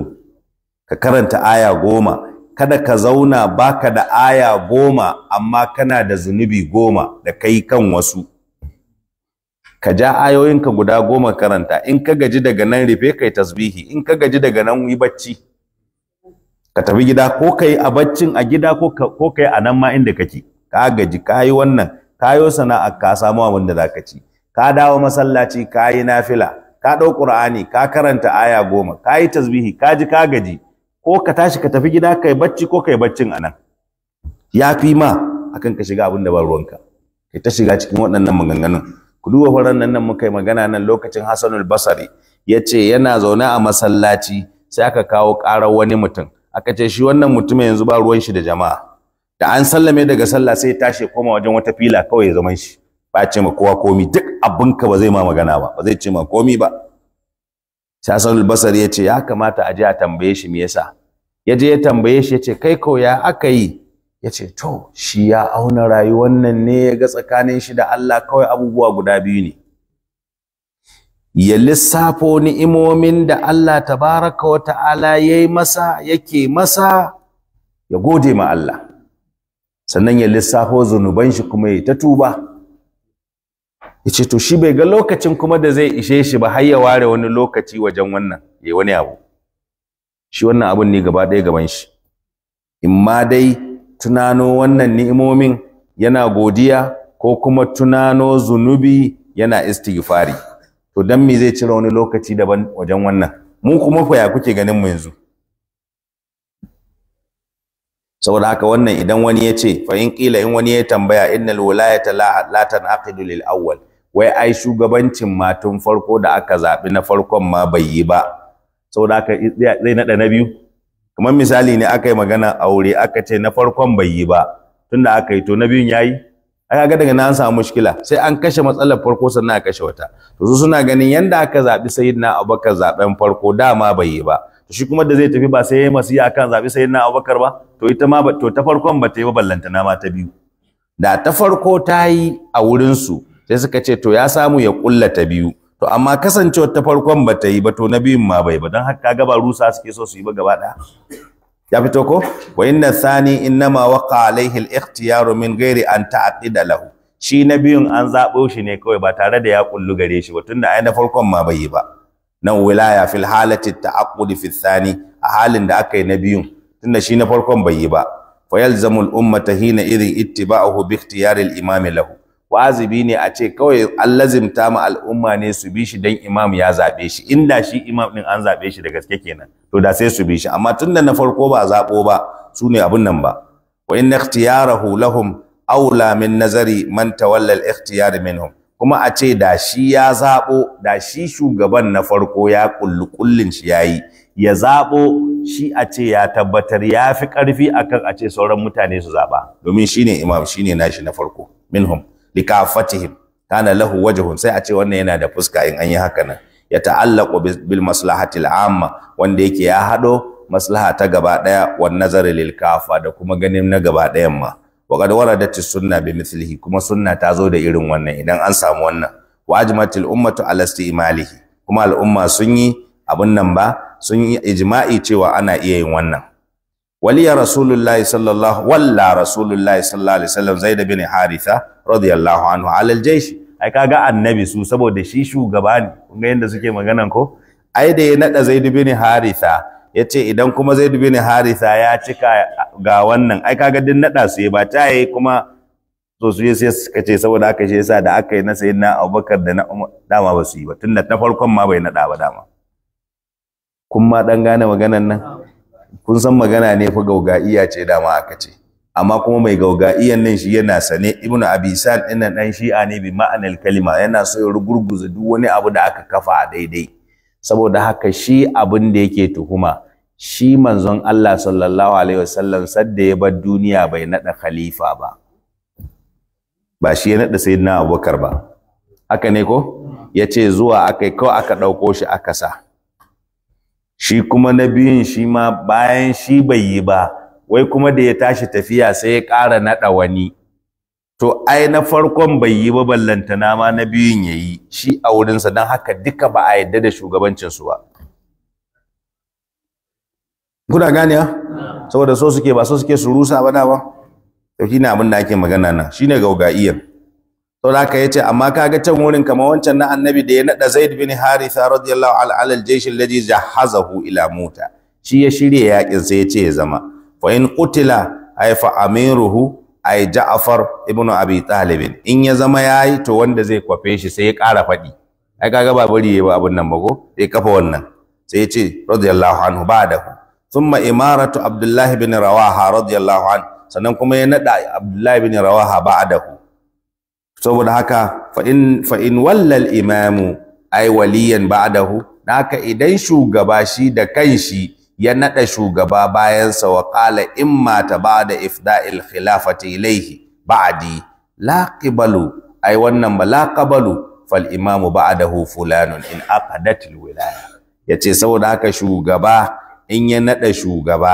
S1: ka karanta aya goma kada ka zauna baka da aya goma amma kana da zunubi goma da kai kan wasu ka ja ka guda goma karanta in ka gaji daga nan rufe kai tasbihi in ka gaji daga nan yi bacci ka tafi gida ko kai a baccin a gida ko kai a nan ma inda kake ka gaji ka yi wannan kayo sana'ar ka samu abin da ka ci ka dawo masallaci ka yi nafila ka ɗau ƙur'ani ka karanta aya goma ka yi tasbihi ka ji ka gaji ko ka tashi ka tafi gida kai bacci ko kai baccin anan ya fi ma akan ka shiga abin da ba ruwanka kai ta shiga cikin waɗannan maganganun ku duba faran nan muka yi magana nan lokacin Hassanul Ya ce yana zaune a masallaci sai aka kawo ƙarar wani mutum aka ce shi wannan mutumin yanzu ba ruwan shi da jama'a da an sallame daga sallah sai tashi koma wajen wata fila kawai ya zaman shi ba ce ma kowa komi duk abinka ba zai ma magana ba ba zai ce ma komi ba sai basar ya ce ya kamata a je a tambaye shi me yasa ya je ya tambaye shi ya ce kai ko ya aka yi ya ce to shi ya auna rayuwar nan ne ya ga tsakanin shi da Allah kawai abubuwa guda biyu ne ya lissafo ni'imomin da Allah tabaraka wa ta'ala yayi masa yake masa ya gode ma Allah sannan ya lissafo zunuban shi kuma ya ta tuba ya ce to shi bai ga lokacin kuma da zai ishe shi ba har ya ware wani lokaci wajen wannan ya wani abu shi wannan abun ne gaba ɗaya gaban shi in ma dai tunano wannan ni'imomin yana godiya ko kuma tunano zunubi yana istighfari to dan me zai cire wani lokaci daban wajen wannan mu kuma ku ya kuke ganin mu yanzu saboda haka wannan idan wani ya ce fa in in wani ya tambaya innal wilayata la la tanaqidu lil awwal wai ai shugabancin ma tun farko da aka zabi na farkon ma bai yi ba saboda haka zai nada na biyu kamar misali ne aka yi magana aure aka ce na farkon bai yi ba tunda aka yi to na biyun yayi Aka ga daga nan an samu mushkila sai an kashe matsalar farko sannan a kashe wata to su suna ganin yadda aka zabi sayyidina abubakar zaben farko dama bai yi ba shi kuma da zai tafi ba sai ya masu yi akan zabi sai na Abubakar ba to ita ma to ta farkon ba ta yi ba ballantana ma ta biyu da ta farko ta yi a wurin su sai suka ce to ya samu ya kulla ta biyu to amma kasancewar ta farkon ba ta yi ba to na biyun ma bai ba don haka kaga ba rusa suke so su yi ba gaba ya fito ko wa inna thani innama waqa alaihi al-ikhtiyaru min ghairi an ta'qida lahu shi na biyun an zabo shi ne kawai ba tare da ya kullu gare shi ba tunda ai na farkon ma bai yi ba na wilaya fil halati ta'aqqudi fi thani a halin da aka yi na biyun tunda shi na farkon bai yi ba fa yalzamul ummata hina idhin ittiba'uhu bi ikhtiyaril imam lahu wazibi ne a ce kawai an ma al'umma ne su bi shi dan imam ya zabe shi inda shi imam din an zabe shi da gaske kenan to da sai su bi shi amma tunda na farko ba zabo ba su ne abun nan ba wa inna ikhtiyarahu lahum aula min nazari man tawalla al ikhtiyar minhum kuma a ce da shi ya zaɓo da shi shugaban na farko ya kulli kullin shi yi, ya zaɓo shi a ce ya tabbatar ya fi ƙarfi akan a ce sauran mutane su zaɓa domin shi shine imam ne nashi na farko minhum fatihim kana lahu wajhun sai a ce wannan yana da fuska in an yi haka nan ya ta'allaqu bil maslahatil amma wanda yake ya haɗo maslaha ta gaba daya wan nazari lil kafa da kuma ganin na gaba dayan ma wa qad waradatis sunna bi mithlihi kuma sunna ta zo da irin wannan idan an samu wannan wa ajmatil ummatu ala istimalihi kuma al'umma sun yi abun nan ba sun yi ijma'i cewa ana iya yin wannan waliya rasulullahi sallallahu walla rasulullahi sallallahu alaihi wasallam zaid bin haritha radiyallahu anhu ala al-jaysh ka ga annabi su saboda shi shugaba ne kun ga yanda suke maganan ko ai da ya naɗa zaid bin haritha Ya ce idan kuma zai dubi ni, Harisa ya cika ga wannan ai kaga din nada su ba ta yi kuma to su yi sai suka ce saboda aka shi yasa da aka yi na sayyidina Abubakar da na Umar dama ba su yi ba tunda ta farkon ma bai nada ba dama kun ma dan gane maganan nan kun san magana ne fa gaugaiya ce dama aka ce amma kuma mai gaugaiyan nan shi yana sane ibnu abisan dinnan dan shi'a ne bi ma'anar kalima yana so ya rugurguza duk wani abu da aka kafa a daidai saboda haka shi abin da yake tuhuma shi manzon Allah sallallahu alaihi wasallam sadda ya bar duniya bai nada khalifa ba ba shi ya nada sayyidina Abubakar ba haka ne ko yace zuwa akai ko aka dauko shi aka sa shi kuma na biyun shi ma bayan shi bai yi ba wai kuma da ya tashi tafiya sai ya ƙara nada wani to ai na farkon bai yi ba ballantana ma na biyun ya yi shi a wurinsa don haka duka ba a yadda da shugabancinsu ba kuna gane ya saboda so suke ba so suke su rusa ba na ba abin da ake magana na. nan shine gauga'iyan saboda haka ce, amma kaga can wurin kamar wancan na annabi da ya naɗa Zaid bin Haritha radiyallahu al'alal jeshin laji jahazahu ila mota shi ya shirya yakin sai ce ya zama fa in haifa amin fa amiruhu ai Ja'far ibn Abi Talib in ya zama yayi to wanda zai kwafe shi sai ya kara faɗi ai kaga ba bari yayi ba abun nan ba ko sai kafa wannan sai ya ce radiyallahu anhu ba'dahu thumma imaratu Abdullahi ibn Rawaha radiyallahu anhu sannan kuma ya nada Abdullah ibn Rawaha ba'dahu saboda haka fa in fa in wallal imamu ai waliyan ba'dahu haka idan shugaba shi da kanshi ya naɗa shugaba bayansa wa ƙala in mata ba da ifda'il khilafati ilaihi ba'adi la qibalu ai wannan ba la qabalu fal imamu ba'dahu fulanun in aqadatil wilaya yace saboda haka shugaba in ya naɗa shugaba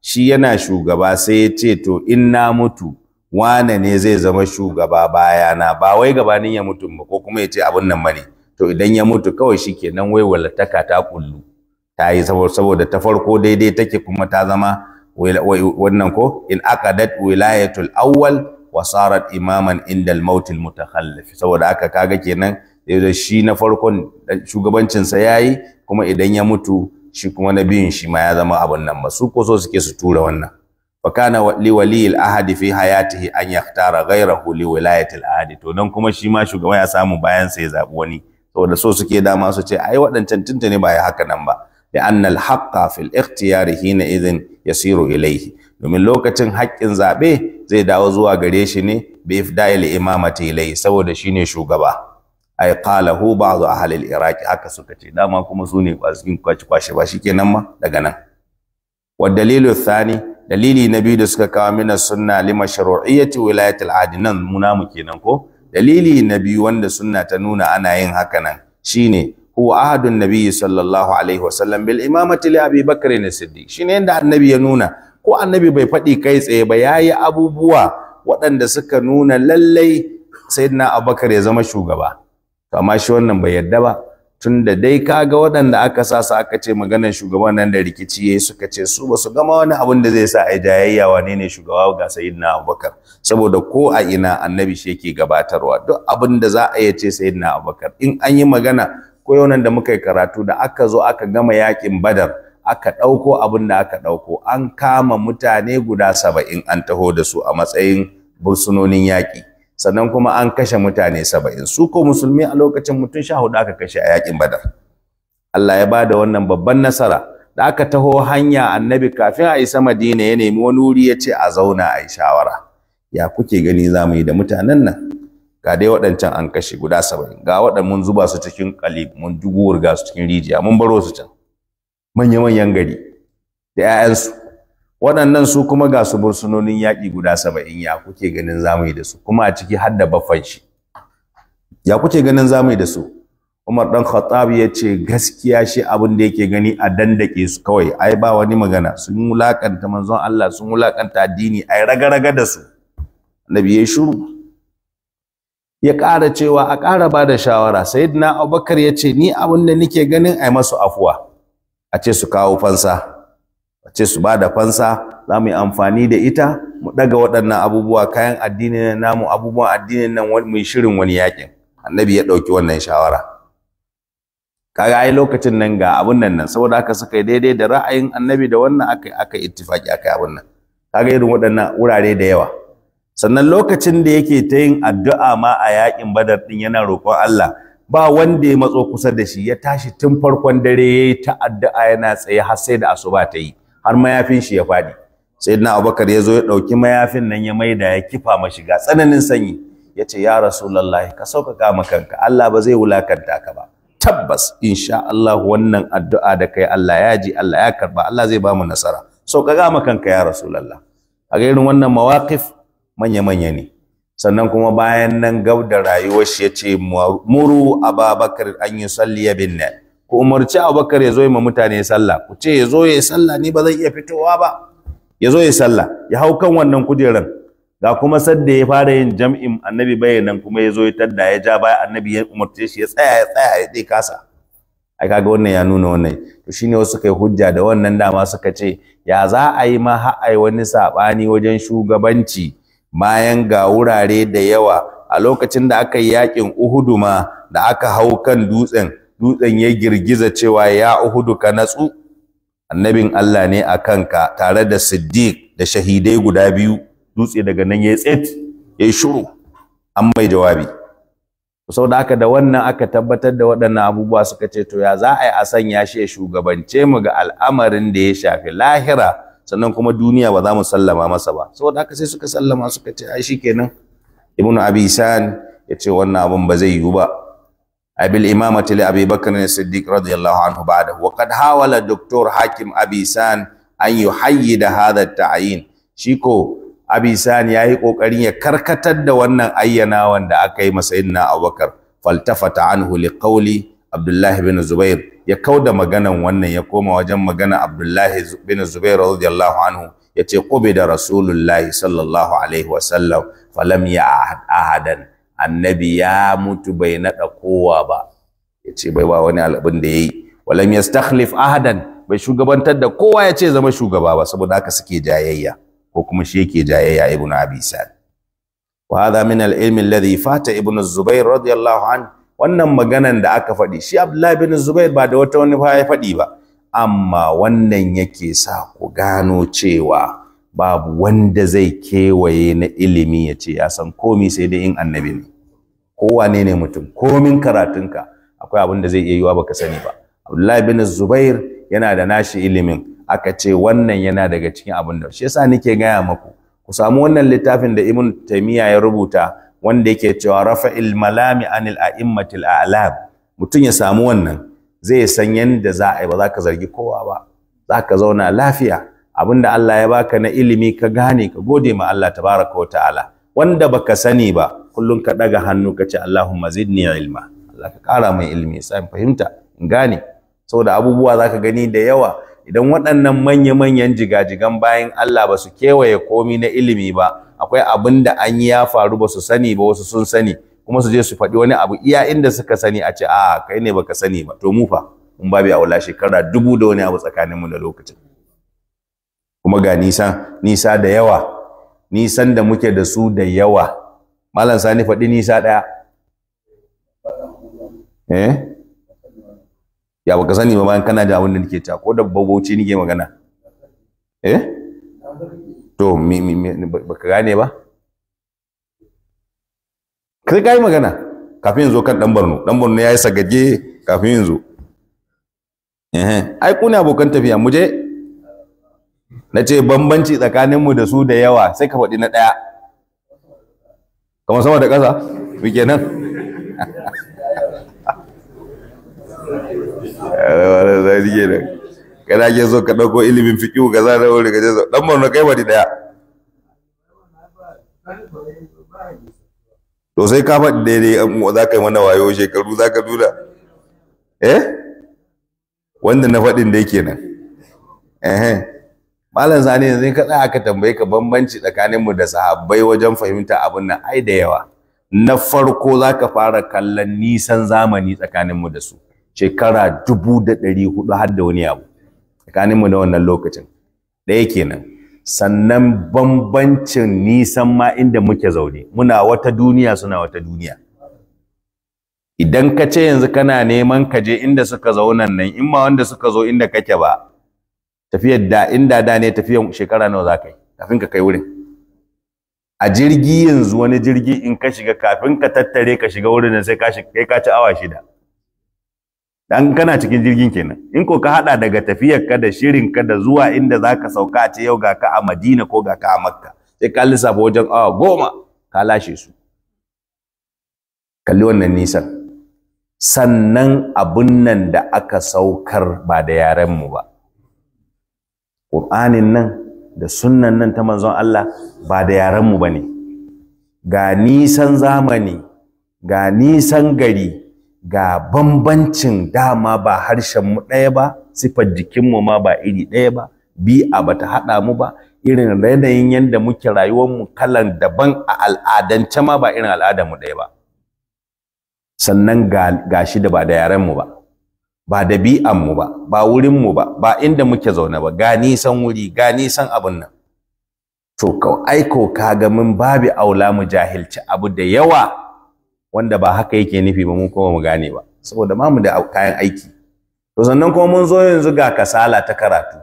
S1: shi yana shugaba sai ya ce to in na mutu wane ne zai zama shugaba bayana ba wai gabanin ya mutu ba ko kuma ya ce abin nan bane to idan ya mutu kawai shi kenan wai walataka ta kullu ta yi saboda ta farko daidai take kuma ta zama wannan ko in aqadat wilayatul awwal wa sarat imaman inda al mautil mutakhallif saboda aka kaga kenan da shi na farkon shugabancin sa yayi kuma idan ya mutu shi kuma na biyun shi ma ya zama abun nan ba su ko so suke su tura wannan fa kana li wali al-ahadi fi hayatihi an yaktara ghayrahu li wilayatil ahadi to nan kuma shi ma shugaba ya samu bayan sa ya zabi wani saboda so suke dama su ce ai waɗancan tuntune ba ya haka nan ba لأن fil في hina حينئذ yasiru إليه domin lokacin haƙƙin zaɓe zai dawo zuwa gare shi ne bi ifda'il imamati saboda shine shugaba ai qalahu ba'du ahli al-iraq haka suka ce dama kuma su ne bazikin kwaci kwashi ba shikenan ma daga nan wa dalilu thani dalili na biyu da suka kawo mina sunna lima mashru'iyyati wilayati al-adi nan mu kenan ko dalili na biyu wanda sunna ta nuna ana yin haka nan shine huwa ahadun nabiyyi sallallahu alaihi wasallam bil imamati li abi bakr as-siddiq shine inda annabi ya nuna ko annabi bai faɗi kai tsaye ba yayi abubuwa waɗanda suka nuna lallai sayyidina abubakar ya zama shugaba to amma shi wannan bai yadda ba tunda dai kaga waɗanda aka sa su aka ce maganar shugaban nan da rikici yayi suka ce su basu su gama wani abun da zai sa ai jayayya wane ne shugaba ga sayyidina Abubakar saboda ko a ina annabi shi yake gabatarwa duk abin za a iya ce sayyidina Abubakar in an yi magana ko da muka yi karatu da aka zo aka gama yakin badar aka ɗauko abin da aka ɗauko an kama mutane guda saba'in an taho da su a matsayin bursunonin yaƙi sannan kuma an kashe mutane saba'in su ko musulmi a lokacin mutum sha hudu aka kashe a yakin badar Allah ya ba da wannan babban nasara da aka taho hanya annabi kafin a isa madina ya nemi wani wuri ya ce a zauna a yi shawara ya kuke gani za mu yi da mutanen nan ga dai waɗancan an kashe guda saba'in ga waɗannan mun zuba su cikin kalib mun wurga su cikin rijiya mun baro su can manya-manyan gari da 'ya'yansu waɗannan su kuma ga su bursunonin yaƙi guda saba'in ya kuke ganin zamu da su kuma a ciki har da baffan shi ya kuke ganin zamu yi da su Umar ɗan Khattab ya ce gaskiya shi abin da yake gani a dandake su kawai ai ba wani magana sun wulaƙanta manzon Allah sun wulakanta addini ai raga-raga da su annabi ya shuru ya ƙara cewa a ƙara ba da shawara sayyidina abubakar ya ce ni abin da nike ganin yi masu afuwa a ce su kawo fansa a ce su ba da fansa za mu yi amfani da ita mu ɗaga waɗannan abubuwa kayan addini na namu abubuwan addinin nan mu shirin wani yakin annabi ya ɗauki wannan shawara kaga ai lokacin nan ga abun nan nan saboda haka suka yi daidai da ra'ayin annabi da wannan aka aka ittifaki aka abun nan kaga irin waɗannan wurare da yawa sannan lokacin da yake ta yin addu'a ma a yaƙin badar ɗin yana roƙon Allah ba wanda ya matso kusa da shi ya tashi tun farkon dare ya yi ta addu'a yana tsaye har sai da asuba ta yi har mayafin shi ya faɗi. Sai na Abubakar ya zo ya ɗauki mayafin nan ya mai da ya kifa shiga tsananin sanyi Ya ce, ya rasulallah ka sauƙaƙa ma kanka Allah ba zai wulakanta ka ba tabbas insha Allah wannan addu'a da kai Allah ya ji Allah ya karba Allah zai ba mu nasara sauƙaƙa ma kanka ya Rasulallah. a ga irin wannan mawaƙif manya-manya ne sannan kuma bayan nan gab da rayuwar shi yace muru ababakar an yi ya bin nan ku umarci abubakar ya zo ma mutane sallah ku ce ya zo ya sallah ni ba zan iya fitowa ba ya zo ya sallah ya hau kan wannan kujerar ga kuma sadda ya fara yin jam'in annabi bayanan kuma ya zo ya tadda ya ja baya annabi ya umarce shi ya tsaya ya tsaya ya dai kasa ai kaga wannan ya nuna wannan to shine wasu kai hujja da wannan dama suka ce ya za a yi ma har wani saɓani wajen shugabanci bayan ga wurare da yawa a lokacin da aka yi yakin uhudu ma da aka hau kan dutsen dutsen ya girgiza cewa ya uhudu ka natsu annabin Allah ne a kanka tare da siddiq da shahidai guda biyu dutse daga nan ya tsit ya shuru. an mai jawabi sau da aka da wannan aka tabbatar da waɗannan abubuwa suka ce to ya za a yi a sanya shi ya shugabance mu ga al'amarin da ya shafi lahira sannan kuma duniya ba za mu sallama masa ba saboda haka sai suka sallama suka ce ai shikenan ibnu abi isan ya ce wannan abun ba zai yiwu ba abil imamati li abi bakr as-siddiq radiyallahu anhu ba'da wa qad hawala doktor hakim abi isan an yuhayyida hadha tayin shi ko abi isan yayi kokarin ya karkatar da wannan ayyana wanda aka yi masa na abubakar faltafata anhu liqawli abdullahi bin zubair ya kau da maganan wannan ya koma wajen magana Abdullahi bin Zubair radiyallahu anhu yace da rasulullahi sallallahu alaihi wasallam falam ya ahadan annabi ya mutu bai naɗa kowa ba yace bai ba wani alabin da yayi walam yastakhlif ahadan bai shugabantar da kowa yace zama shugaba ba saboda haka suke jayayya ko kuma shi yake jayayya ibnu abi sa'id وهذا من العلم الذي فات Fata, Ibnu رضي wannan maganan da aka faɗi shi Abdullahi bin Zubair ba da wata wani ya faɗi ba amma wannan yake sa ku gano cewa babu wanda zai kewaye na ilimi ya ce ya san komi sai dai in annabi ne Kowa ne mutum komin karatunka akwai abin da zai iya yiwa baka sani ba Abdullahi bin Zubair yana da nashi ilimin aka ce wannan yana daga cikin abin da shi yasa nake gaya maku ku samu wannan littafin da Ibn Taymiyyah ya rubuta wanda yake cewa rafa'il malami anil a'immatil a'lam mutum ya samu wannan zai san yanda za a yi ba za ka zargi kowa ba za ka zauna lafiya abinda Allah ya baka na ilimi ka gane ka gode ma Allah tabaraka wa ta'ala wanda baka sani ba kullum ka daga hannu ka ce Allahumma zidni ilma Allah ka kara mai ilimi sai in fahimta in gane saboda abubuwa za ka gani da yawa idan waɗannan manya-manyan jigajigan bayan Allah ba su kewaye komi na ilimi ba akwai abin da an yi ya faru ba su sani ba wasu sun sani kuma su je su faɗi wani abu iya inda suka sani a ce a kai ne baka sani ba to mu fa mun babu wala shekara dubu da wani abu tsakanin mu da lokacin kuma ga nisa nisa da yawa nisan da muke da su da yawa malam sani faɗi nisa ɗaya eh ya baka sani ba bayan kana da abin da nake ta ko da babauci nake magana eh to baka gane ba kai ka yi magana kafin yanzu kan dan barno dan barno ya yi kafin yanzu eh ai ku ne abokan tafiya mu je na ce bambanci tsakaninmu da su da yawa sai ka faɗi na ɗaya kamar sama da ƙasa mu kenan nan. kana ke so ka dauko ilimin fiqhu ga za da wuri ga jazo dan Borno kai wadi daya to sai ka faɗi daidai za ka yi mana wayo shekaru za ka dura eh wanda na faɗin da yake nan eh malam sani yanzu ka tsaya aka tambaye ka bambanci tsakanin mu da sahabbai wajen fahimta abin nan ai da yawa na farko za ka fara kallon nisan zamani tsakanin mu da su shekara dubu da ɗari hudu har da wani abu tsakaninmu na wannan lokacin ɗaya kenan sannan bambancin nisan ma inda muke zaune muna wata duniya suna wata duniya idan ka ce yanzu kana neman ka je inda suka zauna nan in ma wanda suka zo inda kake ba tafiyar da inda da ne tafiyar shekara nawa za ka yi kafin ka kai wurin a jirgi yanzu wani jirgi in ka shiga kafin ka tattare ka shiga wurin nan sai ka kai ka ci awa shida dan kana cikin jirgin kenan in ko ka hada daga tafiyar ka da shirin ka da zuwa inda zaka sauka a ce yau ga ka a Madina ko ga ka a Makka sai ka lissafa wajen awa goma ka lashe su kalli wannan nisan sannan abun nan da aka saukar ba da yaren mu ba Qur'anin nan da sunnan nan ta manzon Allah ba da yaren mu bane ga nisan zamani ga nisan gari ga bambancin dama ba harshen mu ɗaya ba sifar jikinmu ma ba iri ɗaya ba bi ba ta haɗa mu ba irin yanayin yadda muke rayuwar mu kalan daban a al'adance ma ba irin al'adarmu ɗaya ba sannan ga shi da ba da yarenmu ba ba da bi'anmu ba ba wurinmu ba ba inda muke zaune ba ga nisan wuri ga nisan abin nan to ka aiko kaga min babi aula mu jahilci abu da yawa wanda ba haka yake nufi ba mun kuma mu gane ba saboda ma mu da kayan aiki to sannan kuma mun zo yanzu ga kasala ta karatu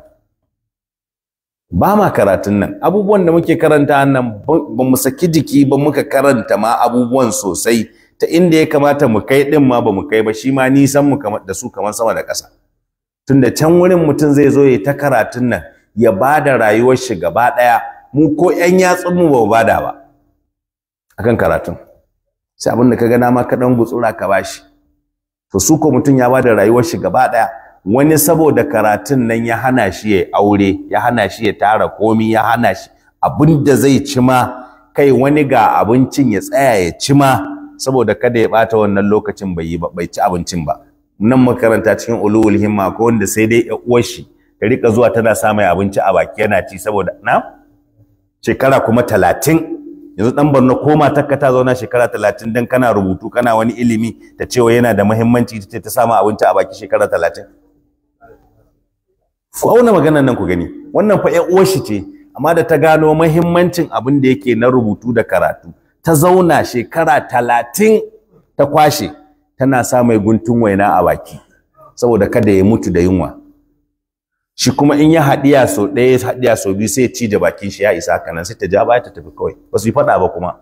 S1: ba ma karatun nan abubuwan da muke karanta nan ba mu saki jiki ba muka karanta ma abubuwan sosai ta inda ya kamata mu kai din ma ba mu kai ba shi ma nisan mu da su kamar sama da ƙasa tunda can wurin mutum zai zo ya ta karatun nan ya ba da rayuwar shi gaba ɗaya mu ko 'yan yatsun mu ba da bada ba akan karatun sai abin da ka ga nama, ka dan gutsura ka bashi to su ko mutum ya bada rayuwar shi gaba daya wani saboda karatun nan ya hana shi ya aure ya hana shi ya tara komi ya hana shi abin zai ci ma kai wani ga abincin ya tsaya ya ci ma saboda kada ya bata wannan lokacin bai yi bai ci abincin ba nan makaranta cikin ulul himma ko wanda sai dai ya uwar shi ta rika zuwa tana sa mai abinci a baki yana ci saboda na shekara kuma talatin yanzu dan Borno ko takka ta zauna shekara talatin dan kana rubutu kana wani ilimi ta cewa yana da mahimmanci ta ce ta samu abinci a baki shekara talatin ku auna maganar nan ku gani wannan fa ƴan uwar shi ce amma da ta gano mahimmancin abin da yake na rubutu da karatu ta zauna shekara talatin ta kwashe tana sa mai guntun waina a baki saboda kada ya mutu da yunwa shi kuma in ya haɗiya sau ɗaya ya haɗiya sau biyu sai ya ci da bakin shi ya isa haka sai ta ja baya ta tafi kawai ba su yi faɗa ba kuma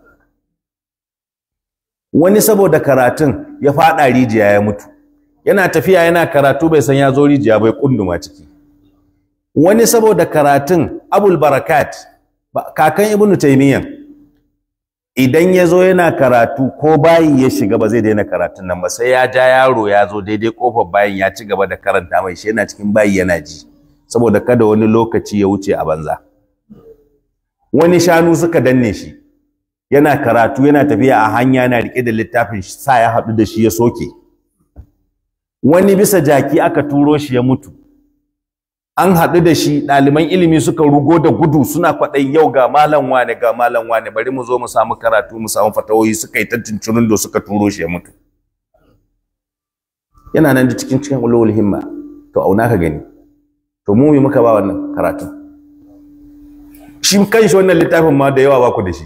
S1: wani saboda karatun ya faɗa rijiya ya mutu yana tafiya yana karatu bai san ya zo rijiya bai kunduma ciki wani saboda karatun abul barakat kakan ibnu taymiyyah idan ya zo yana karatu ko bayi ya shiga ba zai daina karatun nan ba sai ya ja yaro ya zo daidai kofar bayin ya ci gaba da karanta mai shi yana cikin bayi yana ji saboda kada wani lokaci ya wuce a banza wani shanu suka danne shi yana karatu yana tafiya a hanya yana rike da littafin sa ya haɗu da shi ya soke wani bisa jaki aka turo shi ya mutu an haɗu da shi ɗaliban ilimi suka rugo da gudu suna kwaɗayi yau ga malam wane ga malam wane bari mu zo mu samu karatu mu samu fatawoyi suka yi tantancin da suka turo shi ya mutu yana nan da cikin cikin ulul himma to auna ka gani to mu muka ba wannan karatu shi kanshi wannan littafin ma da yawa ba ku da shi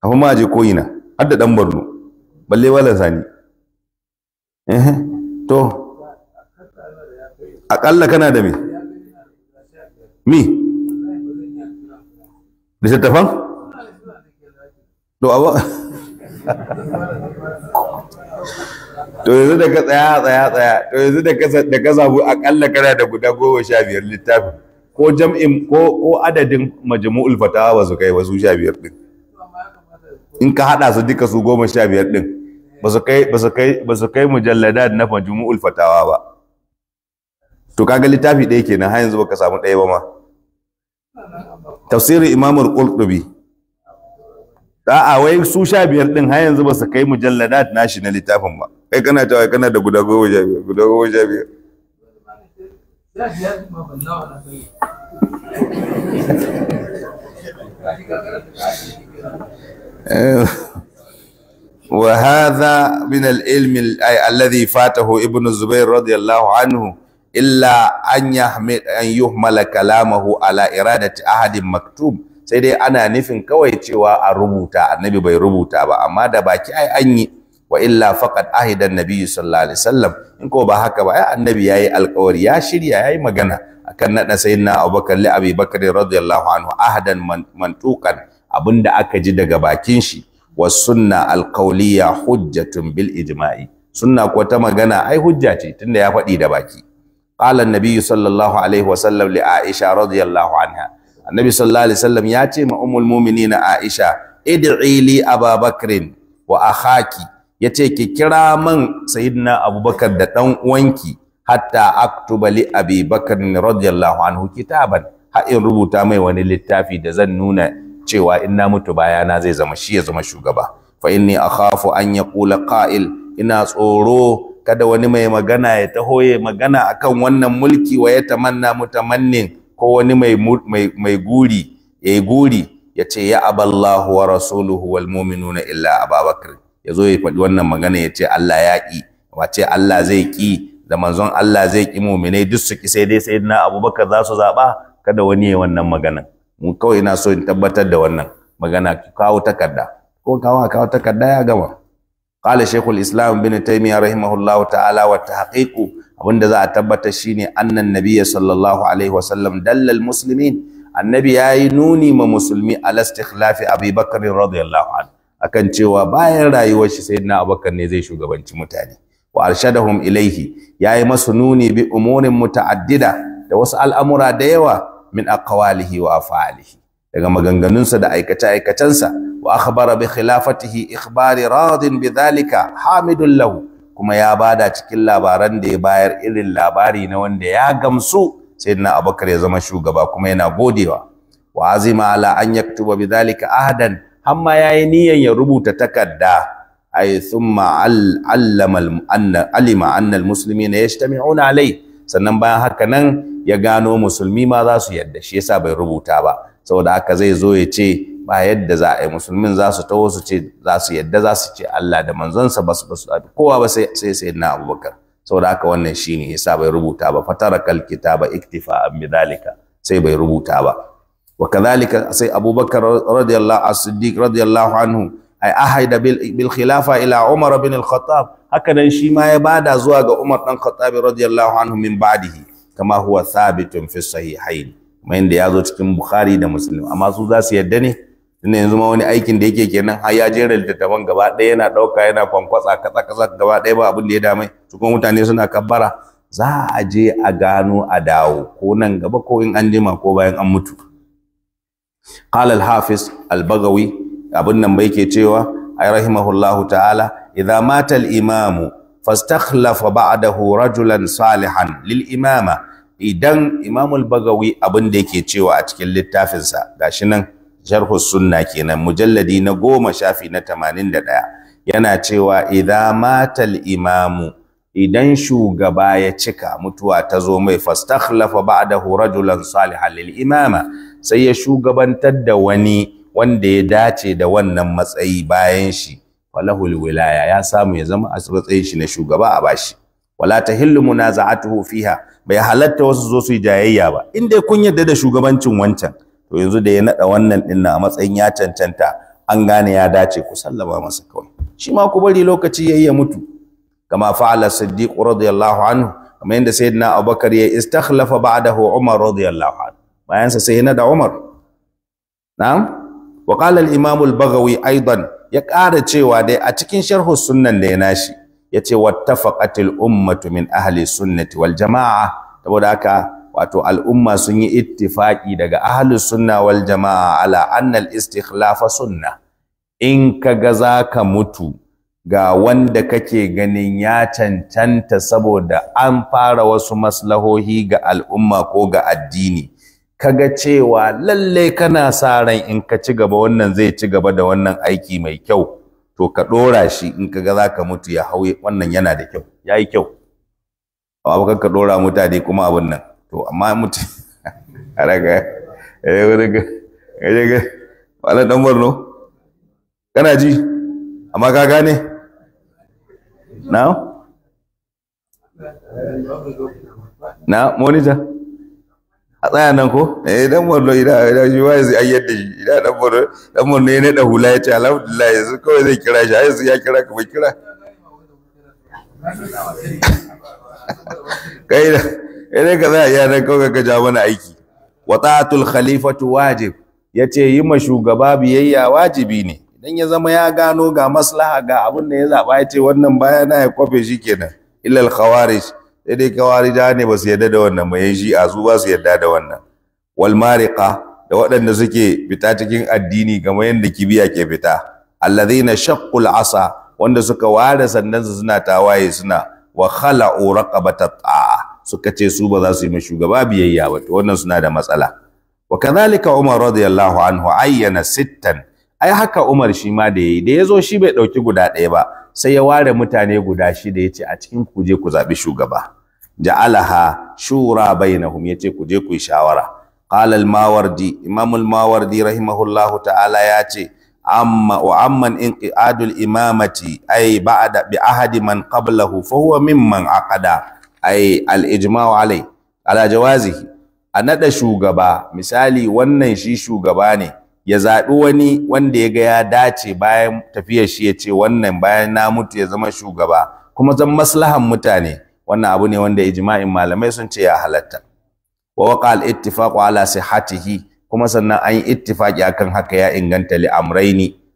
S1: kafin ma je koyina har da dan barno balle walan sani eh to akalla kana da me mi littafan to awa to yanzu da ka tsaya tsaya tsaya to yanzu da ka da ka zabu akalla kana da guda goma sha biyar littafin ko jam'in ko ko adadin majmu'ul fatawa ba su kai ba su sha biyar din in ka hada su duka su goma sha biyar din ba su kai ba su kai ba su kai mujalladat na majmu'ul fatawa ba to kaga littafi ɗaya kenan har yanzu baka samu ɗaya ba ma tafsirin al qurtubi a wai su sha biyar din har yanzu ba su kai mujalladat nashi na littafin ba kai kana ta kana da guda goma sha biyar guda goma sha biyar وهذا من العلم الذي فاته ابن الزبير رضي الله عنه إلا أن يحمل أن يهمل كلامه على إرادة أحد مكتوب sai dai ana nufin kawai cewa a rubuta annabi bai rubuta ba amma da wa illa faqad ahida annabi sallallahu alaihi wasallam in ko ba haka ba ai annabi yayi alƙawari ya shirya yayi magana akan nada sayyidina Abubakar li Abi Bakr radiyallahu anhu ahadan mantukan abinda aka ji daga bakin shi was sunna alqawliya hujjatun bil ijma'i sunna ko ta magana ai hujja ce tunda ya faɗi da baki qala annabi sallallahu alaihi wasallam li Aisha radiyallahu anha annabi sallallahu alaihi wasallam ya ce ma ummul mu'minina Aisha id'i li Abubakrin wa akhaki Ya ce ki kira man sayidina abubakar da dan uwanki hatta aktuba li abi bakar radiyallahu anhu kitaban ha in rubuta mai wani littafi da zan nuna cewa in na mutu bayana zai zama shi ya zama shugaba fa inni akhafu an yaqula qa'il ina tsoro kada wani mai magana ya taho ya magana akan wannan mulki wa ya tamanna mutamannin ko wani mai mai guri yayi guri yace ya aballahu wa rasuluhu wal mu'minuna illa ababakar ya zo ya faɗi wannan magana ya ce Allah ya ƙi wace Allah zai ƙi da manzon Allah zai ƙi muminai duk su ƙi sai dai sai na abubakar za su zaɓa kada wani ya wannan magana mu kawai ina so in tabbatar da wannan magana kawo takarda ko kawo kawo takarda ya gama قال شيخ الإسلام بن تيمية رحمه الله تعالى والتحقيق abinda za a tabbatar shine annan nabiyya sallallahu alaihi wasallam dallal muslimin annabi yayi nuni ma musulmi al istikhlafi abubakar radiyallahu anhu akan cewa bayan rayuwar shi na abubakar ne zai shugabanci mutane wa arshadahum ilaihi yayi masu nuni bi umurin muta'addida da wasu al'amura da yawa min aqwalihi wa af'alihi daga maganganunsa da aikace aikacensa wa akhbara bi khilafatihi ikhbari radin bidhalika hamidun lahu kuma ya bada cikin labaran da ya bayar irin labari na wanda ya gamsu sayyidina abubakar ya zama shugaba kuma yana godewa wa azima ala an yaktuba bidhalika ahadan amma yi niyan ya rubuta takarda ay thumma al allama Musulmi anna alima anna al yajtami'una alai sannan bayan haka nan ya gano musulmi ma za su yadda shi yasa bai rubuta ba saboda haka zai zo ya ce ba yadda za a yi musulmin za su taho su ce za su yadda za su ce Allah da manzonsa ba su basu kowa ba sai sai na Abubakar saboda haka wannan shine yasa bai rubuta ba fatara kalkita ba iktifa an bidalika sai bai rubuta ba wa kadhalika sai abubakar radiyallahu as-siddiq radiyallahu anhu ay ahida bil khilafa ila umar bin al-khattab haka nan shi ma ya bada zuwa ga umar dan khattab radiyallahu anhu min ba'dihi kama huwa thabitun fi sahihain kuma inda ya zo cikin bukhari da muslim amma su za su yadda ne tunda yanzu ma wani aikin da yake kenan har ya da littattafan gaba ɗaya yana ɗauka yana kwankwasa katsa katsa gaba ɗaya ba abin da ya dame su kuma mutane suna kabbara za a je a gano a dawo ko nan gaba ko in an jima ko bayan an mutu qala hafiz al abin nan bai ke cewa ay rahimahullahu ta'ala idza mata al-imam fastakhlafa ba'dahu rajulan salihan lil imama idan Imamul bagawi abin da yake cewa a cikin littafinsa gashi nan sharhu sunna kenan mujalladi na goma shafi na tamanin da ɗaya yana cewa idza matal al-imamu idan shugaba ya cika mutuwa ta zo mai fastakhlafa ba'dahu rajulan salihan lil imama sai ya shugabantar da wani wanda ya dace da wannan matsayi bayan shi falahul wilaya ya samu ya zama a matsayin shi na shugaba a bashi wala tahillu munaza'atuhu fiha bai halatta wasu zo su jayayya ba in dai kun yadda da shugabancin wancan to yanzu da ya nada wannan din a matsayin ya cancanta an gane ya dace ku sallama masa kawai shi ma ku bari lokaci yayi ya mutu kama fa'ala siddiq radiyallahu anhu kamar yadda sayyidina abubakar ya istakhlafa ba'dahu umar radiyallahu anhu bayansa sai ya da Umar na'am wa qala al-imam al-baghawi aidan ya ƙara cewa dai a cikin sharhu sunnan da ya nashi yace wattafaqatil ummatu min ahli sunnati wal jamaa saboda haka wato al'umma sun yi ittifaki daga ahli sunna wal jamaa ala anna al-istikhlafa sunna in kaga zaka mutu ga wanda kake ganin ya cancanta saboda an fara wasu maslahohi ga al'umma ko ga addini kaga cewa lalle kana sa ran in ka ci gaba wannan zai ci gaba da wannan aiki mai kyau to ka dora shi in kaga zaka mutu ya hau wannan yana da kyau yayi kyau abu kan ka dora mutane kuma abun nan to amma mutu araga eh wurga eh ga wala dan barno? kana ji amma ka gane na na monitor a tsaya nan ko eh dan Borno ina ida shi wai zai ayyar da shi ida dan Borno dan Borno ne da hula ya ce alhamdulillah yanzu kawai zai kira shi yanzu ya kira ka bai kira kai da kai ka tsaya ya dan kawai ka ja mana aiki wa ta'atul khalifatu wajib yace yi ma shugaba biyayya wajibi ne dan ya zama ya gano ga maslaha ga abin da ya zaba yace wannan baya na ya kofe shikenan ilal khawarij sai dai kawarija ne ba su yarda da wannan ba shi shi'a su ba su yarda da wannan wal mariqa da waɗanda suke fita cikin addini kamar yadda kibiya ke fita alladhina shaqqul asa wanda suka ware sannan su suna tawaye suna wa khala'u raqabata ta'a suka ce su ba za su yi ma shugaba biyayya ba to wannan suna da matsala wa kadhalika umar radiyallahu anhu ayyana sittan ai haka umar shi ma da yayi da yazo shi bai dauki guda ɗaya ba sai ya ware mutane guda shida ya ce a cikin kuje ku zaɓi shugaba ja'alaha shura bainahum ya ce ku je ku yi shawara qala al-mawardi imam al-mawardi rahimahullahu ta'ala ya ce amma wa amman inqiadul imamati ay ba'da bi ahadi man qablahu fa huwa mimman aqada ay al-ijma'u alai ala jawazihi a nada shugaba misali wannan shi shugaba ne ya zaɓi wani wanda ya ga ya dace bayan tafiyar shi ya ce wannan bayan na mutu ya zama shugaba kuma zan maslahan mutane wannan abu ne wanda ijma'in malamai sun ce ya halatta wa waqa al ittifaqu ala sihhatihi kuma sannan an yi ittifaqi akan haka ya inganta li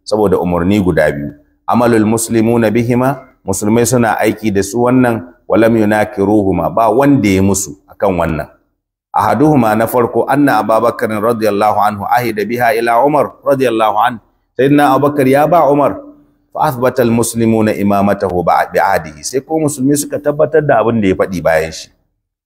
S1: saboda umarni guda biyu amalul muslimuna bihima musulmai suna aiki da su wannan walam yunakiruhuma ba wanda ya musu akan wannan ahaduhuma na farko anna ababakar radiyallahu anhu ahida biha ila umar radiyallahu sayyidina abubakar ya ba umar fa athbata almuslimuna imamatahu bi ahdihi sai ko musulmi suka tabbatar da abin da ya faɗi bayan shi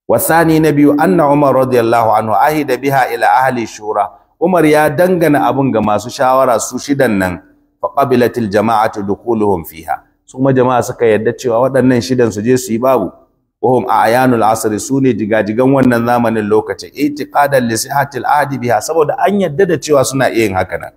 S1: wasani na biyu anna umar radiyallahu anhu ahida biha ila ahli shura umar ya dangana abin ga masu shawara su shidan nan fa qabilatil jama'atu dukuluhum fiha su ma jama'a suka yadda cewa waɗannan shidan su je su yi babu wahum ayanul asri sune jigajigan wannan zamanin lokacin itiqadan li sihhatil ahdi saboda an yadda da cewa suna iya yin haka nan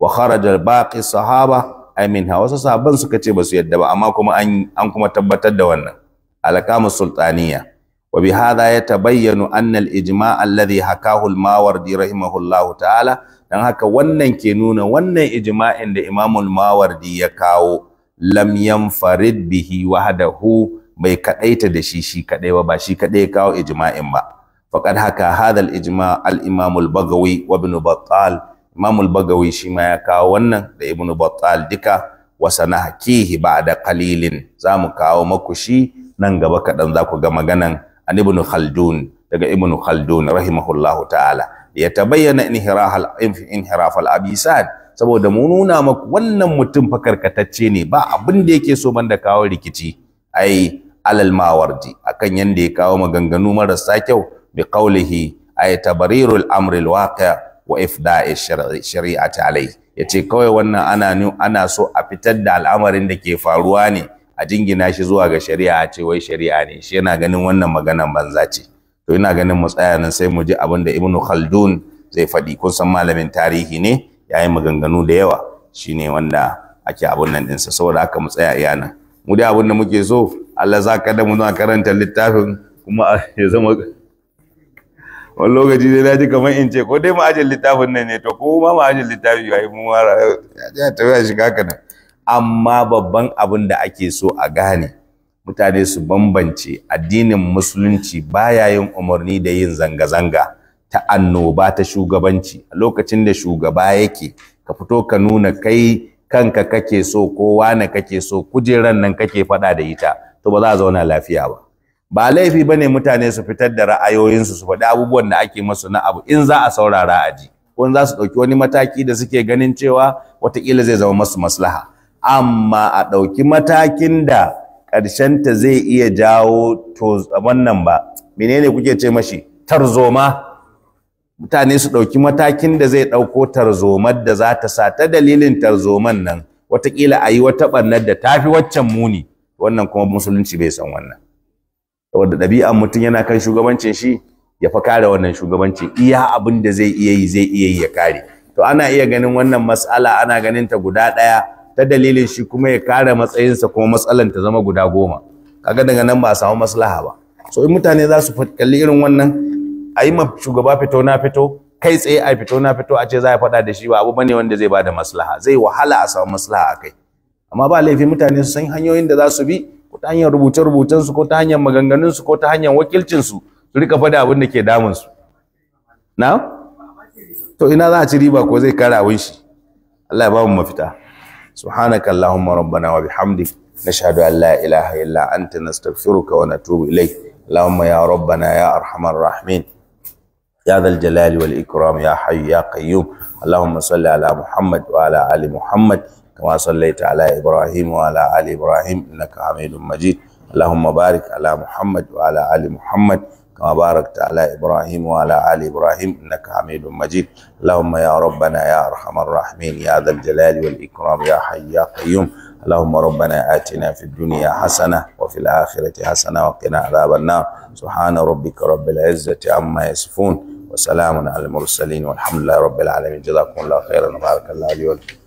S1: wa kharaja baqi sahaba aminha wasu sahaban suka ce basu yadda ba amma kuma an kuma tabbatar da wannan alqamus sultaniya wa bi hadha yatabayyanu anna al ijma' alladhi hakahu al mawardi rahimahullahu ta'ala dan haka wannan ke nuna wannan ijma'in da imamul mawardi ya kawo lam yanfarid bihi wahdahu bai kadaita da shi shi kadai ba ba shi kadai kawo ijma'in ba faqad haka hadha al-ijma' al-imam al-bagawi wa ibn battal imam al-bagawi shi ma ya kawo wannan da ibn battal duka wa sanahakihi ba'da qalilin zamu kawo maku shi nan gaba kadan za ku ga maganan an ibn khaldun daga ibn khaldun rahimahullahu ta'ala ya tabayyana inhirahal inhirafal abisad saboda mu nuna maku wannan mutum fakarkatacce ne ba abin da yake so banda kawo rikici ai alal mawardi akan yadda ya kawo maganganu marasa kyau bi qawlihi ay tabarirul Amril Waka wa ifda'i shari'ati Ya ce kawai wannan ana ana so a fitar da al'amarin da ke faruwa ne a jingina shi zuwa ga shari'a a ce wai shari'a ne shi yana ganin wannan maganan banza ce to ina ganin mu tsaya nan sai mu ji abin da ibnu Khaldun zai faɗi kun san malamin tarihi ne yayi maganganu da yawa shine wanda ake abun nan ɗinsa saboda haka mu tsaya iya nan mu dai abin da muke so Allah za ka da mu na karanta littafin kuma ya zama wani lokaci dai na ji kamar in ce ko dai mu ajin littafin nan ne to ko ma mu ajin littafi ya yi mu mara ya tafi ya shiga ka nan amma babban abin da ake so a gane mutane su bambance addinin musulunci baya yin umarni da yin zanga-zanga ta annoba ta shugabanci a lokacin da shugaba yake ka fito ka nuna kai kanka kake so ko wane kake so kujeran nan kake faɗa da ita to ba za a zauna lafiya ba ba laifi bane mutane su fitar da ra'ayoyinsu su faɗi abubuwan da ake masu na abu in za a saurara a ji ko za su ɗauki wani mataki da suke ganin cewa wataƙila zai zama masu maslaha amma a ɗauki matakin da ta zai iya jawo to wannan ba menene kuke ce mashi tarzoma mutane su ɗauki matakin da zai ɗauko tarzomar da za ta sa ta dalilin tarzoman nan watakila a yi wata ɓarnar da ta fi waccan muni wannan kuma musulunci bai san wannan saboda ɗabi'an mutum yana kan shugabancin shi ya fa kare wannan shugabanci iya abin da zai iya yi zai iya yi ya kare to ana iya ganin wannan mas'ala ana ganin ta guda ɗaya ta dalilin shi kuma ya kare matsayinsa kuma matsalan ta zama guda goma kaga daga nan ba samu maslaha ba so in mutane za su kalli irin wannan a yi ma shugaba fito na fito kai tsaye a fito na fito a ce za a faɗa da shi ba abu bane wanda zai ba da maslaha zai wahala a samu maslaha a kai amma ba laifi mutane su san hanyoyin da za su bi ko ta hanyar rubuce rubucen su ko ta hanyar maganganun su ko ta hanyar wakilcin su su rika faɗa abin da ke damun su na to ina za a ci riba ko zai kara abin shi Allah ya ba mu mafita سبحانك اللهم ربنا وبحمدك نشهد la لا illa إلا أنت نستغفرك ونتوب إليك اللهم يا ربنا يا أرحم الراحمين يا ذا الجلال والإكرام يا حي يا قيوم اللهم صل على محمد وعلى آل محمد كما صليت على إبراهيم وعلى آل إبراهيم إنك حميد مجيد اللهم بارك على محمد وعلى آل محمد كما باركت على إبراهيم وعلى آل إبراهيم إنك حميد مجيد اللهم يا ربنا يا أرحم الراحمين يا ذا الجلال والإكرام يا حي يا قيوم اللهم ربنا آتنا في الدنيا حسنة وفي الآخرة حسنة وقنا عذاب النار سبحان ربك رب العزة عما يصفون وسلام على المرسلين والحمد لله رب العالمين جزاكم الله خيرا وبارك الله لي ولكم